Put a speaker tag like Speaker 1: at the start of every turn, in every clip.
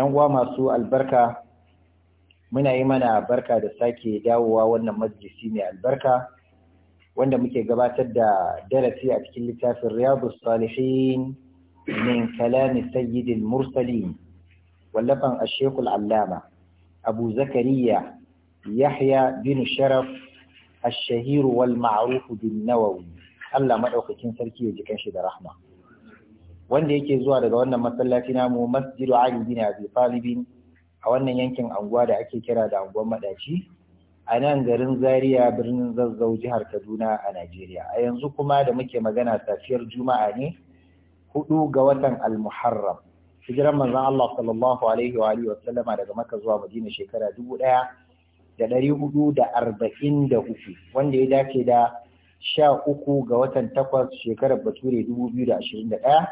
Speaker 1: 'yan uwa masu albarka muna yi mana barka da sake dawowa wannan majalisi mai albarka wanda muke gabatar da darasi a cikin littafin riyadu salihin min kalami sayyidil mursalin wallafan ashekul allama abu zakariya yahya bin sharaf الشهير والمعروف بالنووي Allah مدوكين sarki ya jikan shi da rahma wanda yake zuwa daga wannan masallaci namu masjidu ali bin abi talibin a wannan yankin anguwa da ake kira da anguwan madaci a nan garin zaria birnin zazzau jihar kaduna a najeriya a yanzu kuma da muke magana safiyar juma'a ne hudu ga watan almuharram hijiran manzon allah sallallahu alaihi wa alihi wasallama daga maka zuwa madina shekara dubu daya da dari hudu da arba'in da uku wanda ya dace da sha uku ga watan takwas shekarar bature dubu biyu da ashirin da ɗaya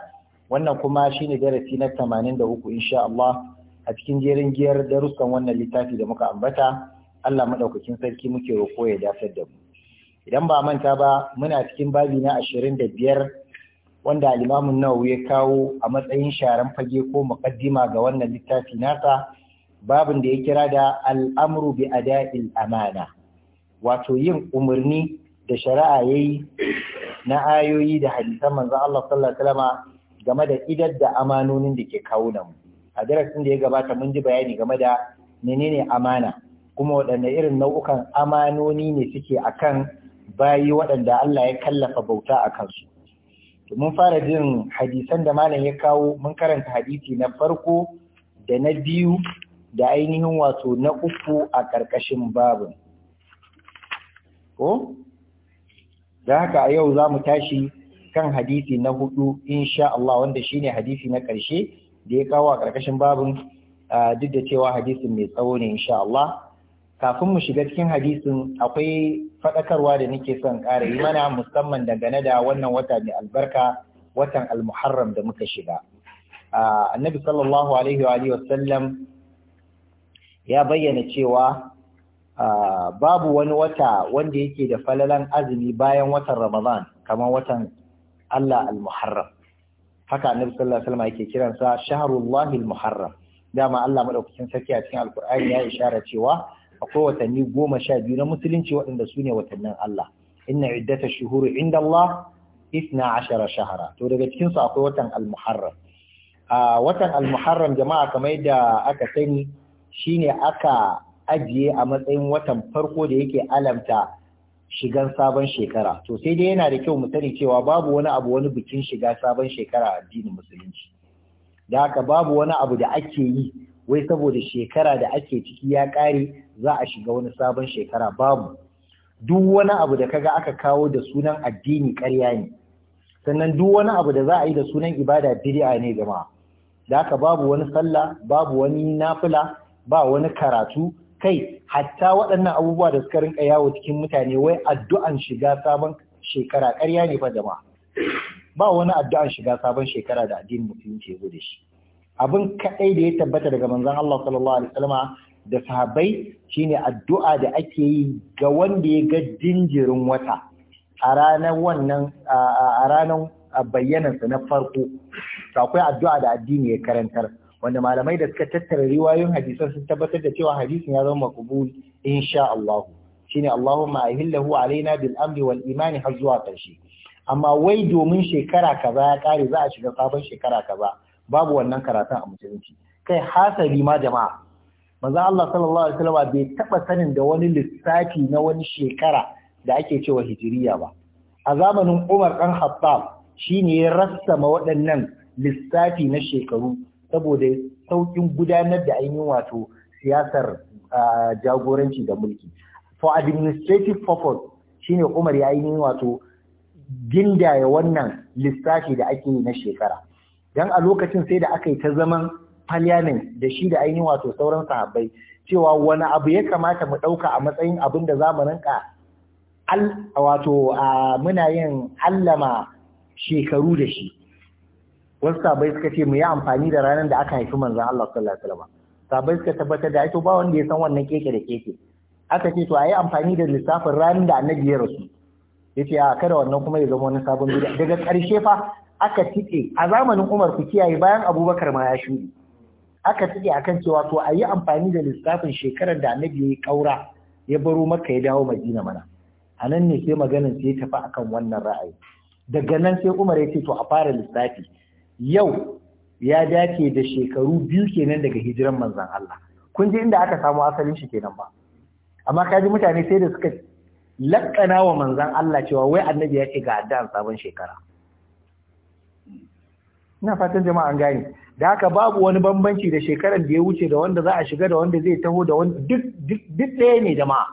Speaker 1: wannan kuma shine darasi na 83 insha Allah a cikin jerin giyar darussan wannan littafi da muka ambata Allah madaukakin sarki muke roko ya dafar da mu idan ba manta ba muna cikin babi na 25 wanda al wanda an-Nawawi ya kawo a matsayin sharan fage ko muqaddima ga wannan littafi nasa babin da ya kira da al-amru bi ada'il amana wato yin umarni da shari'a yayi na ayoyi da hadisan manzon Allah sallallahu alaihi game da idar da amanonin da ke kawo mu a darasin da ya gabata mun ji bayani game da menene amana kuma waɗanne irin nau'ukan amanoni ne suke akan bayi waɗanda Allah ya kallafa bauta a kansu to mun fara jin hadisan da malam ya kawo mun karanta hadisi na farko da na biyu da ainihin wato na uku a ƙarƙashin babin ko da haka a yau za mu tashi kan hadisi na hudu insha Allah wanda shine hadisi na ƙarshe da ya kawo a ƙarƙashin babin duk da cewa hadisin mai tsawo ne insha Allah kafin mu shiga cikin hadisin akwai faɗakarwa da nake son ƙara yi mana musamman dangane da wannan wata mai albarka watan almuharram da muka shiga annabi sallallahu alaihi wa sallam ya bayyana cewa babu wani wata wanda yake da falalan azumi bayan watan ramadan kamar watan Allah al-Muharram haka Annabi sallallahu alaihi wasallam yake kiransa shahrullahi al-Muharram dama Allah madaukakin sarki a cikin Alkur'ani ya ishara cewa akwai watanni goma sha biyu na musulunci waɗanda su ne watannin Allah inna iddata shuhuri inda Allah isna ashara shahara to daga cikin su akwai watan al-Muharram a watan al-Muharram jama'a kamar da aka sani shine aka ajiye a matsayin watan farko da yake alamta shigar sabon shekara to sai dai yana da kyau mu sani cewa babu wani abu wani bikin shiga sabon shekara a addinin musulunci da haka babu wani abu da ake yi wai saboda shekara da ake ciki ya ƙare za a shiga wani sabon shekara babu duk wani abu da kaga aka kawo da sunan addini ƙarya ne sannan duk wani abu da za a yi da sunan ibada bid'a ne jama'a da haka babu wani sallah babu wani nafila ba wani karatu kai hatta waɗannan abubuwa da suka rinka yawo cikin mutane wai addu'an shiga sabon shekara ƙarya ne fa jama'a ba wani addu'an shiga sabon shekara da addinin musulunci ya zo da shi abin kaɗai da ya tabbata daga manzon Allah sallallahu alaihi wasallam da sahabbai shine addu'a da ake yi ga wanda ya ga jinjirin wata a ranar wannan a ranar bayyanarsa na farko akwai addu'a da addini ya karantar wanda malamai da suka tattara riwayoyin hadisan sun tabbatar da cewa hadisin ya zama makubul insha Allah shine Allahumma ahillahu alaina bil amri wal imani har zuwa ƙarshe amma wai domin shekara kaza ya kare za a shiga sabon shekara kaza babu wannan karatun a musulunci kai hasali ma jama'a manzo Allah sallallahu alaihi wasallam bai taba sanin da wani lissafi na wani shekara da ake cewa hijiriya ba a zamanin Umar dan Khattab shine ya rassama waɗannan lissafi na shekaru saboda saukin gudanar da ainihin wato siyasar jagoranci da mulki for administrative purpose shine Umar ya yi wato gindaya wannan lissafi da ake yi na shekara Don a lokacin sai da aka yi ta zaman parliament da shi da ainihin wato sauran sahabbai cewa wani abu ya kamata mu ɗauka a matsayin abin da za mu rinka wato muna yin allama shekaru da shi wasu sabai suka ce mu yi amfani da ranar da aka haifi manzan Allah sallallahu alaihi wasallam sabai suka tabbatar da aito ba wanda ya san wannan keke da keke aka ce to a yi amfani da lissafin ranar da annabi ya rasu yace a kada wannan kuma ya zama wani sabon bida daga ƙarshe fa aka tike a zamanin Umar ku kiyaye bayan Abubakar ma ya shudi aka tike akan cewa to a yi amfani da lissafin shekarar da annabi ya yi kaura ya baro maka ya dawo Madina mana a nan ne sai maganin sai tafi akan wannan ra'ayi daga nan sai Umar ya ce to a fara lissafi yau ya dace da shekaru biyu kenan daga hijiran manzan Allah kun ji inda aka samu asalin shi kenan ba amma ka ji mutane sai da suka lakkana wa manzan Allah cewa wai annabi ya ce ga addan sabon shekara ina fatan jama'a an gane da haka babu wani bambanci da shekaran da ya wuce da wanda za a shiga da wanda zai taho da wanda duk duk duk ɗaya ne jama'a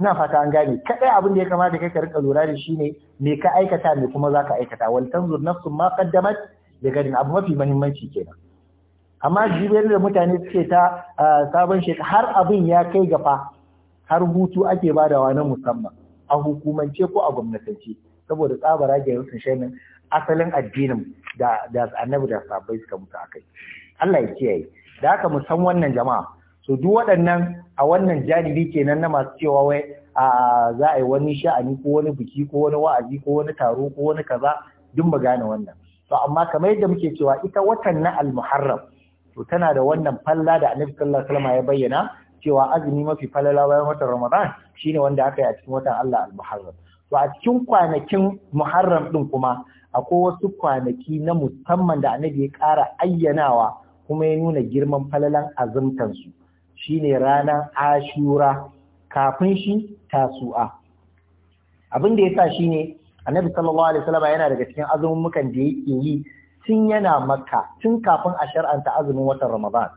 Speaker 1: ina fata an gane Kaɗai abin da ya kamata kai ka rika lura da shi ne me ka aikata me kuma za ka aikata wal tanzur nafsun ma qaddamat da garin abu mafi mahimmanci kenan amma jibiyar da mutane suke ta sabon shekara har abin ya kai gafa har hutu ake badawa na musamman a hukumance ko a gwamnatance saboda tsabara ga sun shanin asalin addinin da da annabi da sabai suka mutu akai Allah ya kiyaye da haka mu san wannan jama'a so duk waɗannan a wannan janibi kenan na masu cewa wai a za a yi wani sha'ani ko wani biki ko wani wa'azi ko wani taro ko wani kaza duk mu gane wannan to amma kamar yadda muke cewa ita watan na al-muharram to tana da wannan falla da annabi sallallahu alaihi wasallam ya bayyana cewa azumi mafi falala bayan watan ramadan shine wanda aka yi a cikin watan Allah al-muharram to a cikin kwanakin muharram din kuma akwai wasu kwanaki na musamman da annabi ya ƙara ayyanawa kuma ya nuna girman falalan azumtansu shine ranar ashura kafin shi tasu'a abin da ya sa shine annabi sallallahu alaihi wasallam yana daga cikin azumin mukan da yake yi tun yana makka tun kafin a shar'anta azumin watan ramadan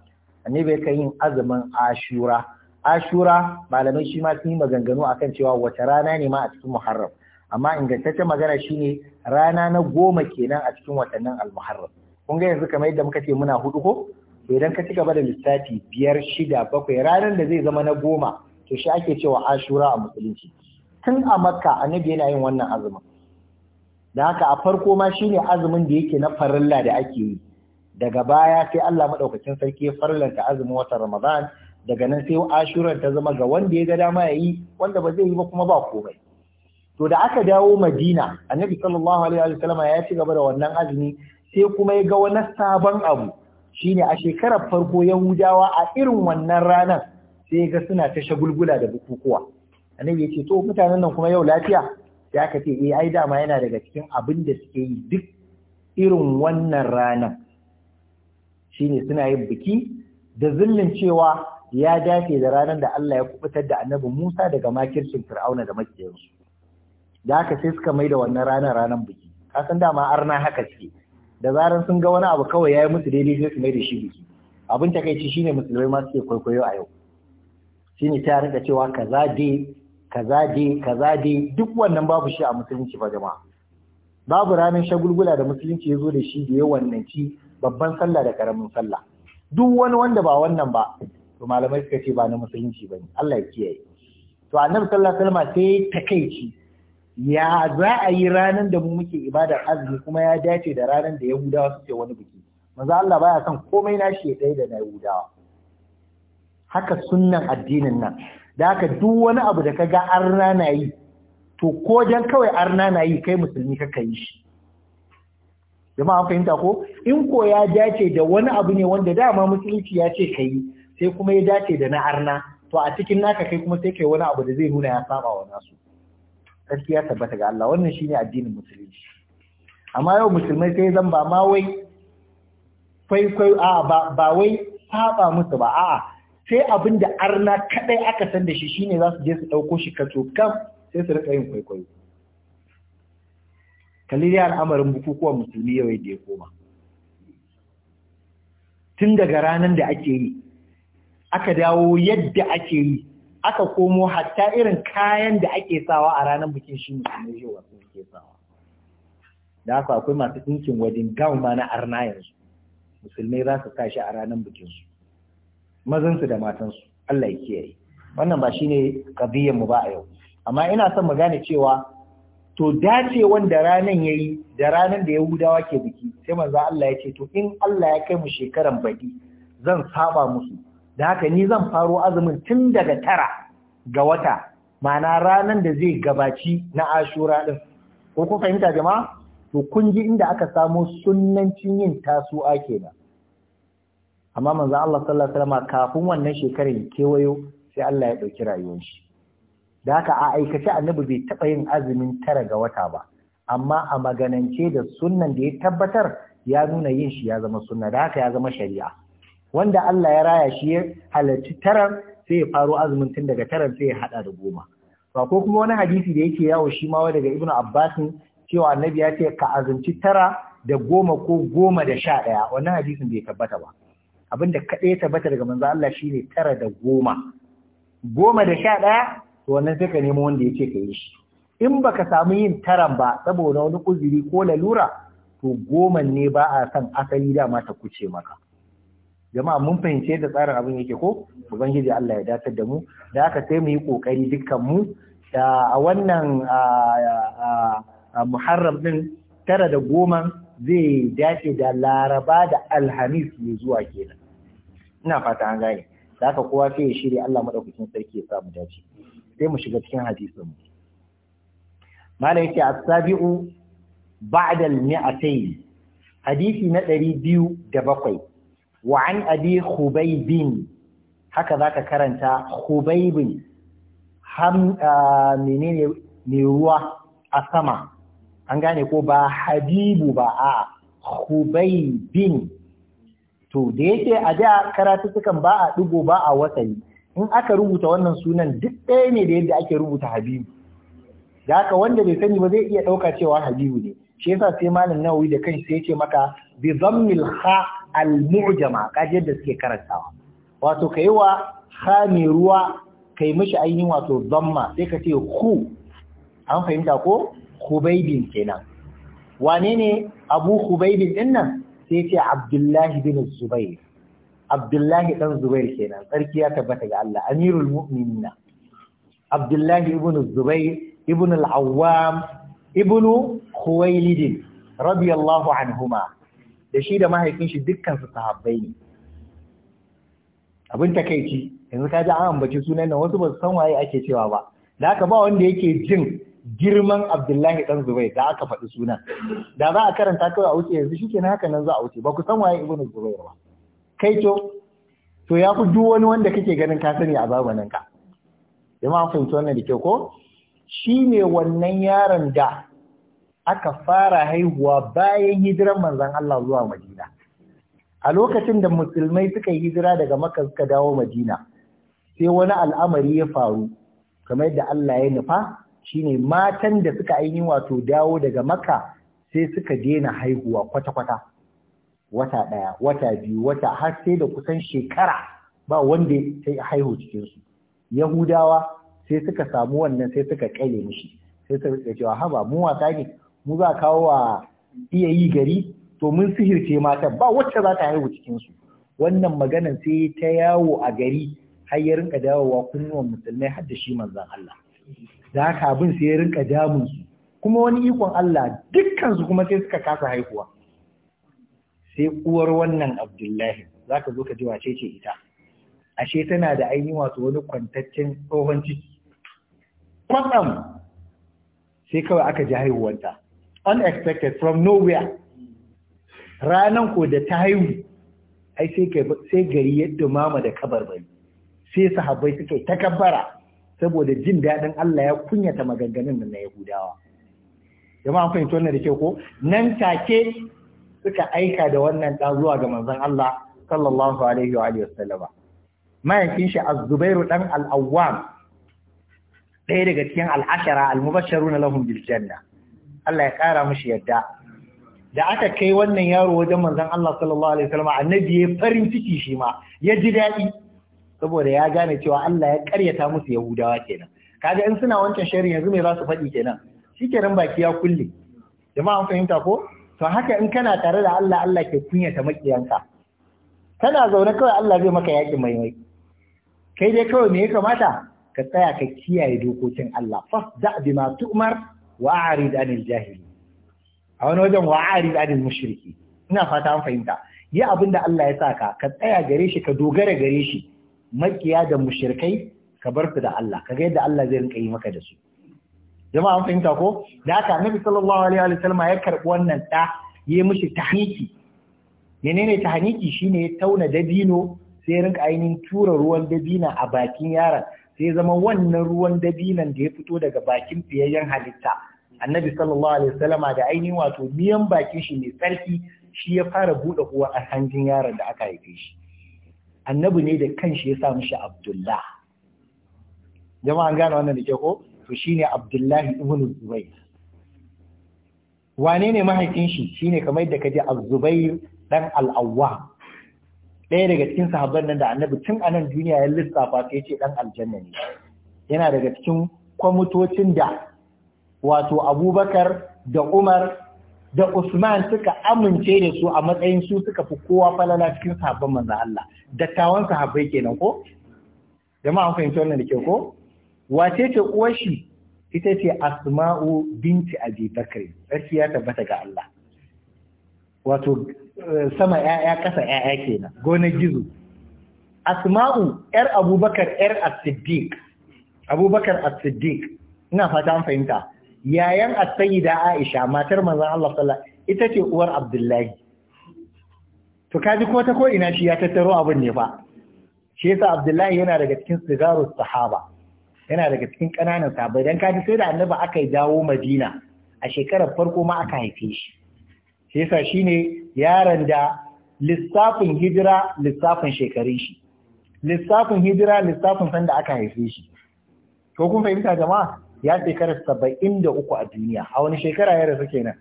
Speaker 1: annabi yake yin azumin ashura ashura malamai shi ma sun yi maganganu akan cewa wata rana ne ma a cikin muharram amma ingantaccen magana shine rana na goma kenan a cikin watannin al-muharram kun ga yanzu kamar yadda muka ce muna hudu ko to idan ka ci gaba da lissafi biyar shida bakwai ranar da zai zama na goma to shi ake cewa ashura a musulunci tun a makka annabi yana yin wannan azumin da haka a farko ma shine azumin da yake na farilla da ake yi daga baya sai Allah maɗaukacin sarki ya farlanta azumin watan Ramadan daga nan sai ashuran ta zama ga wanda ya ga dama yayi wanda ba zai yi ba kuma ba komai to da aka dawo Madina annabi sallallahu alaihi sallama ya ci gaba da wannan azumi sai kuma ya ga wani sabon abu shine a shekarar farko Yahudawa a irin wannan ranar sai ga suna ta shagulgula da bukukuwa annabi ya ce to mutanen nan kuma yau lafiya sai aka ce eh, ai dama yana daga cikin abin da suke yi duk irin wannan ranar Shi ne suna yin biki da zillin cewa ya dace da ranar da Allah ya kubutar da annabi Musa daga makircin Fir'auna da makiyansu da haka sai suka mai da wannan ranar ranar biki kasan dama arna haka suke da zaran sun ga wani abu kawai ya yi musu daidai sai su mai da shi biki abin takaici shine musulmai masu ke kwaikwayo a yau Shi ne ta rika cewa kaza dai kaza dai kaza dai duk wannan babu shi a musulunci ba jama'a babu ranar shagulgula da musulunci ya zo da shi da yawan nan ci babban sallah da karamin sallah duk wani wanda ba wannan ba to malamai suka ce ba na musulunci ba ne, Allah ya kiyaye to annabi sallallahu alaihi wasallam sai takeici ya za a yi ranar da mu muke ibadar azumi kuma ya dace da ranar da yahudawa suke wani biki manzo Allah baya son komai nashi ya dai da na yahudawa haka sunnan addinin nan da haka duk wani abu da ka ga arna na yi to ko dan kawai arna na yi kai musulmi ka yi shi jama'a fahimta ko in ko ya dace da wani abu ne wanda dama musulunci ya ce kai sai kuma ya dace da na arna to a cikin naka kai kuma sai kai wani abu da zai nuna ya saba wa nasu gaskiya tabbata ga Allah wannan shine addinin musulunci amma yau musulmai sai zan ba ma wai kwaikwai a ba wai saba musu ba a'a sai abin da arna kadai aka san da shi shine za su je su dauko shi ka kam sai su rika yin kwaikwayo kalli al'amarin bukukuwan musulmi yau da ya koma tun daga ranar da ake yi aka dawo yadda ake yi aka komo hatta irin kayan da ake sawa a ranar bikin shi musulmi yau wasu suke sawa da haka akwai masu ɗinkin wajen gawon ma na arna yanzu Musulmi za su sa a ranar bikinsu mazansu da matansu Allah ya kiyaye wannan ba shine qadiyyar mu ba a yau amma ina son mu gane cewa to dace wanda ranan yayi da ranan da Yahudawa ke biki sai manzo Allah ya ce to in Allah ya kai mu shekaran baki zan saba musu da haka ni zan faro azumin tun daga tara ga wata ma'ana ranan da zai gabaci na Ashura din ko kun fahimta jama'a to kun ji inda aka samo sunnancin yin tasu'a kenan amma manzo Allah sallallahu alaihi wasallam kafin wannan shekarun kewayo sai Allah ya dauki rayuwar shi da haka a aikace annabi bai taba yin azumin tara ga wata ba amma a maganance da sunnan da ya tabbatar ya nuna yin shi ya zama sunna da haka ya zama shari'a wanda Allah ya raya shi ya halarci tara sai ya faro azumin tun daga tara sai ya hada da goma ba ko kuma wani hadisi da yake yawo shi ma daga Ibnu Abbas cewa annabi ya ce ka azumci tara da goma ko goma da sha ɗaya wannan hadisin bai tabbata ba Abin da kaɗai ya tabbata daga manzo Allah shine tara da goma goma da sha ɗaya to wannan sai ka nemo wanda ya ce ka yi shi in baka samu yin taran ba saboda wani uzuri ko lalura to goma ne ba a san asali dama ta kuce maka jama'a mun fahimci yadda tsarin abin yake ko ubangiji Allah ya datar da mu da aka sai mu yi kokari dukkan mu Da a wannan muharram ɗin, tara da goma zai dace da laraba da alhamis mai zuwa kenan ina fata an gane da haka kowa fiye ya shirya Allah madaukakin sarki ya samu dace sai mu shiga cikin hadisin mu malam yake asabi'u sabiu ba'da al-mi'atayn hadisi na 207 wa an abi khubaybin haka zaka karanta khubaybin ham ah, menene ne ruwa a sama an gane ko ba habibu ba a khubaybin to da yake a da karatu sukan ba a ɗigo ba a watsani in aka rubuta wannan sunan duk ɗaya ne da yadda ake rubuta habibu da haka wanda bai sani ba zai iya ɗauka cewa habibu ne shi yasa sai malam nawawi da kai sai ce maka bi zammil kha al mu'jama ji yadda suke karantawa wato kai wa kha mai ruwa kai mishi ainihin wato zamma sai ka ce ku? an fahimta ko khubaybin kenan wane ne abu khubaybin din nan sai ce Abdullahi bin Zubair Abdullahi dan Zubair kenan tsarki ya tabbata ga Allah Amirul Mu'minin Abdullahi ibn Zubair ibn al-Awwam ibn Khuwailid radiyallahu anhuma da shi da mahaifin shi dukkan su sahabbai ne abin takeici yanzu kaji an ambaci sunan nan wasu ba su san waye ake cewa ba da haka ba wanda yake jin girman Abdullahi Ɗan Zubair da aka faɗi sunan da za a karanta kawai a wuce yanzu na haka nan za a wuce ba ku san waye Ibn Zubair ba kai to to ya fi duk wani wanda kake ganin ka sani a zamanin ka jama'a fahimci wannan da ke ko Shi ne wannan yaron da aka fara haihuwa bayan hijiran manzon Allah zuwa Madina a lokacin da musulmai suka yi hijira daga Makka suka dawo Madina sai wani al'amari ya faru kamar da Allah ya nufa shine matan da suka ainihin wato dawo daga maka sai suka daina haihuwa kwata-kwata wata ɗaya wata biyu wata har sai da kusan shekara ba wanda ta haihu cikinsu yahudawa sai suka samu wannan sai suka ƙaile mishi sai suka rika cewa haba mu wasa ne mu za kawo wa iya yi gari to mun sihirce mata ba wacce za ta haihu cikinsu wannan maganan sai ta yawo a gari har ya rinka dawowa kunnuwan musulmai har da shi manzan Allah da haka abin sai ya rinka damun su kuma wani ikon Allah dukkan kuma sai suka kasa haihuwa sai uwar wannan Abdullahi zaka zo ka ji wace ce ita ashe tana da ainihin wato wani kwantaccen tsohon ciki kwatsam sai kawai aka ji haihuwanta unexpected from nowhere ranan ko da ta haihu ai sai gari ya dumama da kabar bari sai sahabbai suka yi takabbara saboda jin daɗin Allah ya kunyata maganganun nan na Yahudawa an fahimci wannan da ke ko nan take suka aika da wannan ɗan zuwa ga manzon Allah sallallahu alaihi wa alihi wasallama mayakin shi az-zubairu dan al-awwam ɗaya daga cikin al-ashara al-mubashsharuna lahum bil janna Allah ya kara mishi yadda da aka kai wannan yaro wajen manzon Allah sallallahu alaihi wasallama annabi ya farin ciki shi ma ya ji daɗi saboda ya gane cewa Allah ya karyata musu Yahudawa kenan kaga in suna wancan shirin yanzu me za su faɗi kenan Shi shikenan baki ya kulle jama'a an fahimta ko to haka in kana tare da Allah Allah ke kunyata makiyanka kana zaune kawai Allah zai maka yaƙi mai mai kai dai kawai me ya kamata ka tsaya ka kiyaye dokokin Allah fasda bima tu'mar wa arid anil jahili a wani wajen wa arid anil mushriki ina fata an fahimta yi abin da Allah ya saka ka tsaya gare shi ka dogara gare shi makiya da mushrikai ka bar su da Allah ka ga yadda Allah zai rinka yi maka da su jama'a an fahimta ko da haka annabi sallallahu alaihi wa sallam ya karbi wannan da yi mishi tahniki menene tahniki shine ya tauna dabino sai ya rinka ainihin tura ruwan dabina a bakin yaron sai ya zama wannan ruwan dabinan da ya fito daga bakin fiyayyen halitta annabi sallallahu alaihi wasallama da ainihin wato miyan bakin shi mai tsarki shi ya fara buɗe uwa a hanjin yaron da aka haife shi annabi ne da kanshi ya sa mishi abdullah jama'a an gane wannan da ke ko to shine abdullahi ibn zubair wane ne mahaifin shi shine kamar yadda kaje az-zubair dan al-awwam ɗaya daga cikin sahabban nan da annabi tun a nan duniya ya lissafa sai ya ce dan aljanna ne yana daga cikin kwamitocin da wato abubakar da umar da Usman suka amince da su a matsayin su suka fi kowa falala cikin sahabban manzon Allah dattawan sahabbai kenan ko jama'a an fahimci wannan da ke ko wace ce uwar shi ita ce Asma'u binti Abi Bakr sarki ya tabbata ga Allah wato eh, sama ƴaƴa ƙasa ƴaƴa kenan gonar gizo Asma'u ƴar Abubakar ƴar As-Siddiq Abubakar As-Siddiq ina fata an fahimta yayan as-sayyida Aisha matar manzon Allah sallallahu ita ce uwar Abdullahi to kaji ko ta ko ina shi ya tattaro abin ne fa shi yasa Abdullahi yana daga cikin sigaru sahaba yana daga cikin ƙananan sahabbai dan kaji sai da annabi aka yi dawo Madina a shekarar farko ma aka haife shi shi yasa shine yaron da lissafin hijira lissafin shekarun shi lissafin hijira lissafin sanda aka haife shi ko kun fahimta jama'a ya shekara saba'in da uku a duniya a wani shekara ya rasu kenan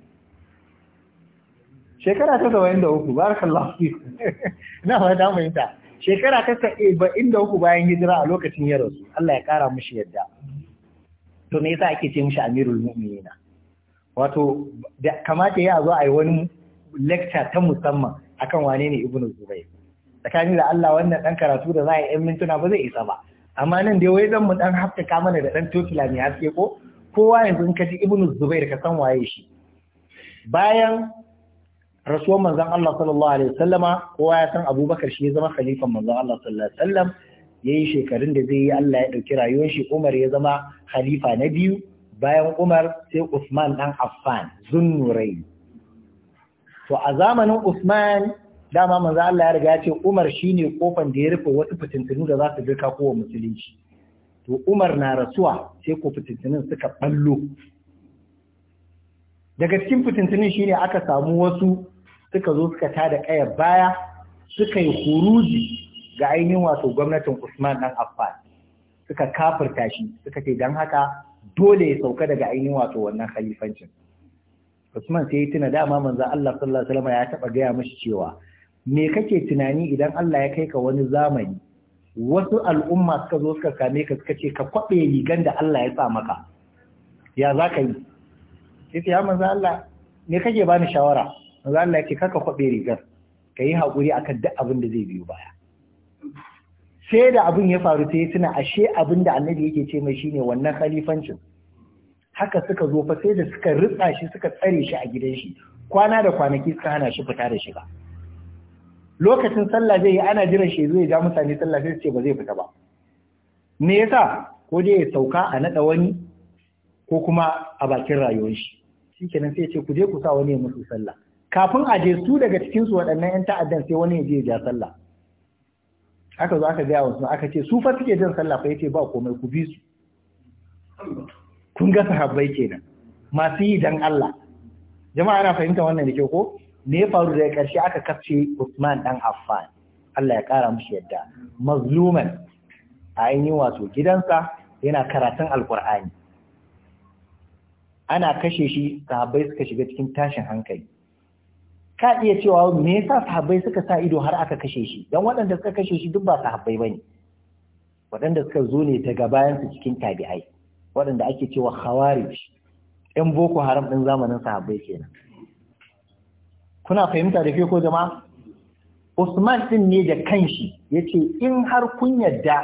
Speaker 1: shekara ta saba'in da uku barakallahu lafi na fata fahimta shekara ta saba'in da uku bayan hijira a lokacin ya rasu Allah ya kara mushi yadda to me yasa ake ce mushi amirul mu'minina wato kamata ya zo a yi wani lecture ta musamman akan wane ne ibnu zubair tsakani da Allah wannan dan karatu da za a yi 'yan mintuna ba zai isa ba amma nan dai wai zan mu dan haftaka mana da dan tokila mai haske ko kowa yanzu in kaji ibnu zubair ka san waye shi bayan rasuwar manzon Allah sallallahu alaihi wasallama kowa ya san abubakar shi ya zama khalifan manzon Allah sallallahu alaihi wasallam yayi shekarun da zai yi Allah ya ɗauki rayuwar shi Umar ya zama khalifa na biyu bayan Umar sai Usman dan Affan zunnurai to a zamanin Usman dama manzo Allah ya riga ya ce Umar shine kofan da ya rufe wasu fitintunu da za su girka kowa musulunci to Umar na rasuwa sai ko fitintunun suka ballo daga cikin fitintunun shine aka samu wasu suka zo suka tada kayar baya suka yi huruji ga ainihin wato gwamnatin Usman dan Affan suka kafirta shi suka ce dan haka dole ya sauka daga ainihin wato wannan khalifancin Usman sai ya tuna dama manzo Allah sallallahu alaihi wasallam ya taba gaya mishi cewa me kake tunani idan Allah ya kai ka wani zamani wasu al'umma suka zo suka same ka suka ce ka kwaɓe rigan da Allah ya sa maka ya za ka yi sai ya manzo Allah me kake bani shawara manzo Allah ya ce kaka kwaɓe rigar ka yi haƙuri akan duk abin da zai biyo baya sai da abin ya faru sai suna ashe abin da annabi yake ce mai shine wannan khalifancin haka suka zo fa sai da suka ritsa shi suka tsare shi a gidan shi kwana da kwanaki suka hana shi fita da shiga lokacin sallah zai yi ana jiran shi zai ja mutane sallah sai su ce ba zai fita ba me yasa ko dai ya sauka a nada wani ko kuma a bakin rayuwar shi shikenan sai ya ce ku je ku sa wani ya musu sallah kafin a je su daga cikin su waɗannan yan ta'addan sai wani ya je ya ja sallah aka zo aka gaya wasu aka ce su fa suke jin sallah fa yace ba komai ku bi su kun ga sahabbai kenan masu yi dan Allah jama'a ana fahimta wannan da kyau ko me ya faru da ƙarshe aka kafce Usman ɗan Affan Allah ya ƙara mushi yadda mazluman a ainihin wato gidansa yana karatun alkur'ani ana kashe shi sahabbai suka shiga cikin tashin hankali ka iya cewa me yasa sahabbai suka sa ido har aka kashe shi dan waɗanda suka kashe shi duk ba sahabbai bane waɗanda suka zo ne daga bayan su cikin tabi'ai waɗanda ake cewa khawarij Yan boko haram ɗin zamanin sahabbai kenan kuna fahimta da ke ko jama'a Usman din ne da kanshi yace in har kun yadda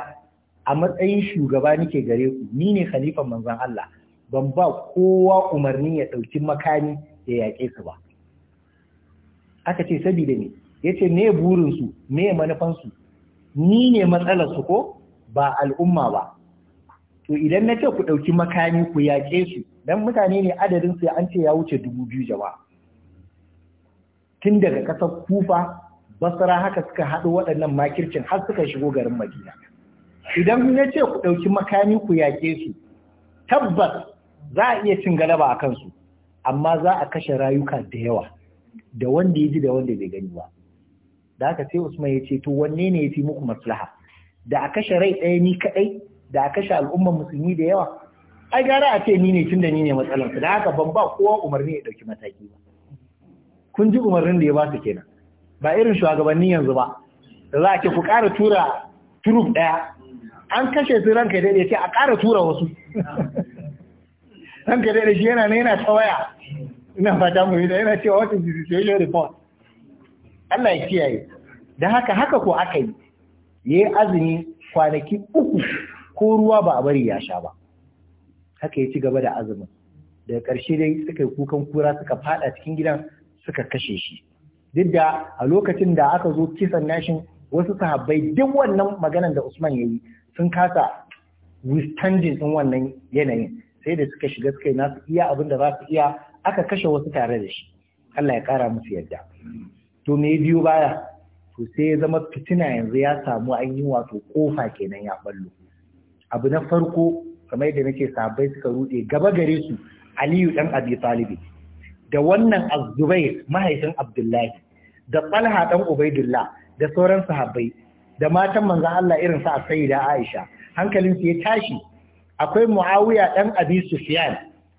Speaker 1: a matsayin shugaba nake gare ku ni ne khalifan manzon Allah ban ba kowa umarni ya dauki makami ya yaƙe su ba aka ce saboda ne yace me burin su me manufan su ni ne matsalar su ko ba al'umma ba to idan na ce ku ɗauki makami ku yaƙe su dan mutane ne adadin su an ce ya wuce dubu biyu jama'a tun daga ƙasar kufa basara haka suka haɗu waɗannan makircin har suka shigo garin madina idan ya ce ku ɗauki makami ku yaƙe su tabbas za a iya cin galaba a kansu amma za a kashe rayuka da yawa da wanda ya ji da wanda bai gani ba da haka sai usman ya ce to wanne ne ya fi muku maslaha da a kashe rai ɗaya ni kaɗai da a kashe al'ummar musulmi da yawa ai gara a ce ni ne tun da ni ne matsalarsu da haka ban ba kowa umarni ya ɗauki mataki ba kun ji umarnin da ya ba su kenan ba irin shugabannin yanzu ba da za a ku ƙara tura turuf ɗaya an kashe su ranka daidai ce a ƙara tura wasu ranka daidai shi yana ne yana tsawaya ina fata mu yi da yana cewa wata situation report Allah ya kiyaye da haka haka ko aka yi ya yi azumi kwanaki uku ko ruwa ba a bari ya sha ba haka ya ci gaba da azumin daga ƙarshe dai suka yi kukan kura suka fada cikin gidan suka kashe shi duk da a lokacin da aka zo kisan nashin wasu sahabbai duk wannan maganan da Usman ya yi sun kasa withstanding din wannan yanayin sai da suka shiga suka yi nasu iya abin da za su iya aka kashe wasu tare da shi Allah ya kara musu yadda to me biyo baya to sai ya zama fitina yanzu ya samu an yi wato kofa kenan ya ballo abu na farko kamar yadda nake sahabbai suka rude gaba gare su Aliyu dan Abi Talib da wannan azubair mahaifin abdullahi da talha dan ubaidullah da sauran sahabbai da matan manzon Allah irin sa sayyida aisha hankalin su ya tashi akwai muawiya dan abi sufyan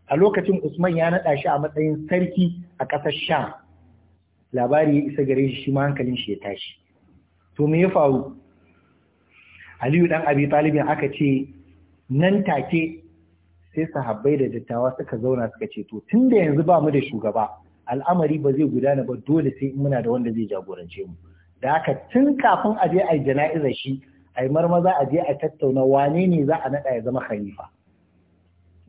Speaker 1: a lokacin usman ya nada shi a matsayin sarki a ƙasar sham labari ya isa gare shi shi ma hankalin shi ya tashi to me ya faru aliyu dan abi talibin aka ce nan take sai sahabbai da dattawa suka zauna suka ce to tun da yanzu ba mu da shugaba al'amari ba zai gudana ba dole sai muna da wanda zai jagorance mu da haka tun kafin a je a yi jana'izar shi a yi marmaza a je a tattauna wane ne za a naɗa ya zama khalifa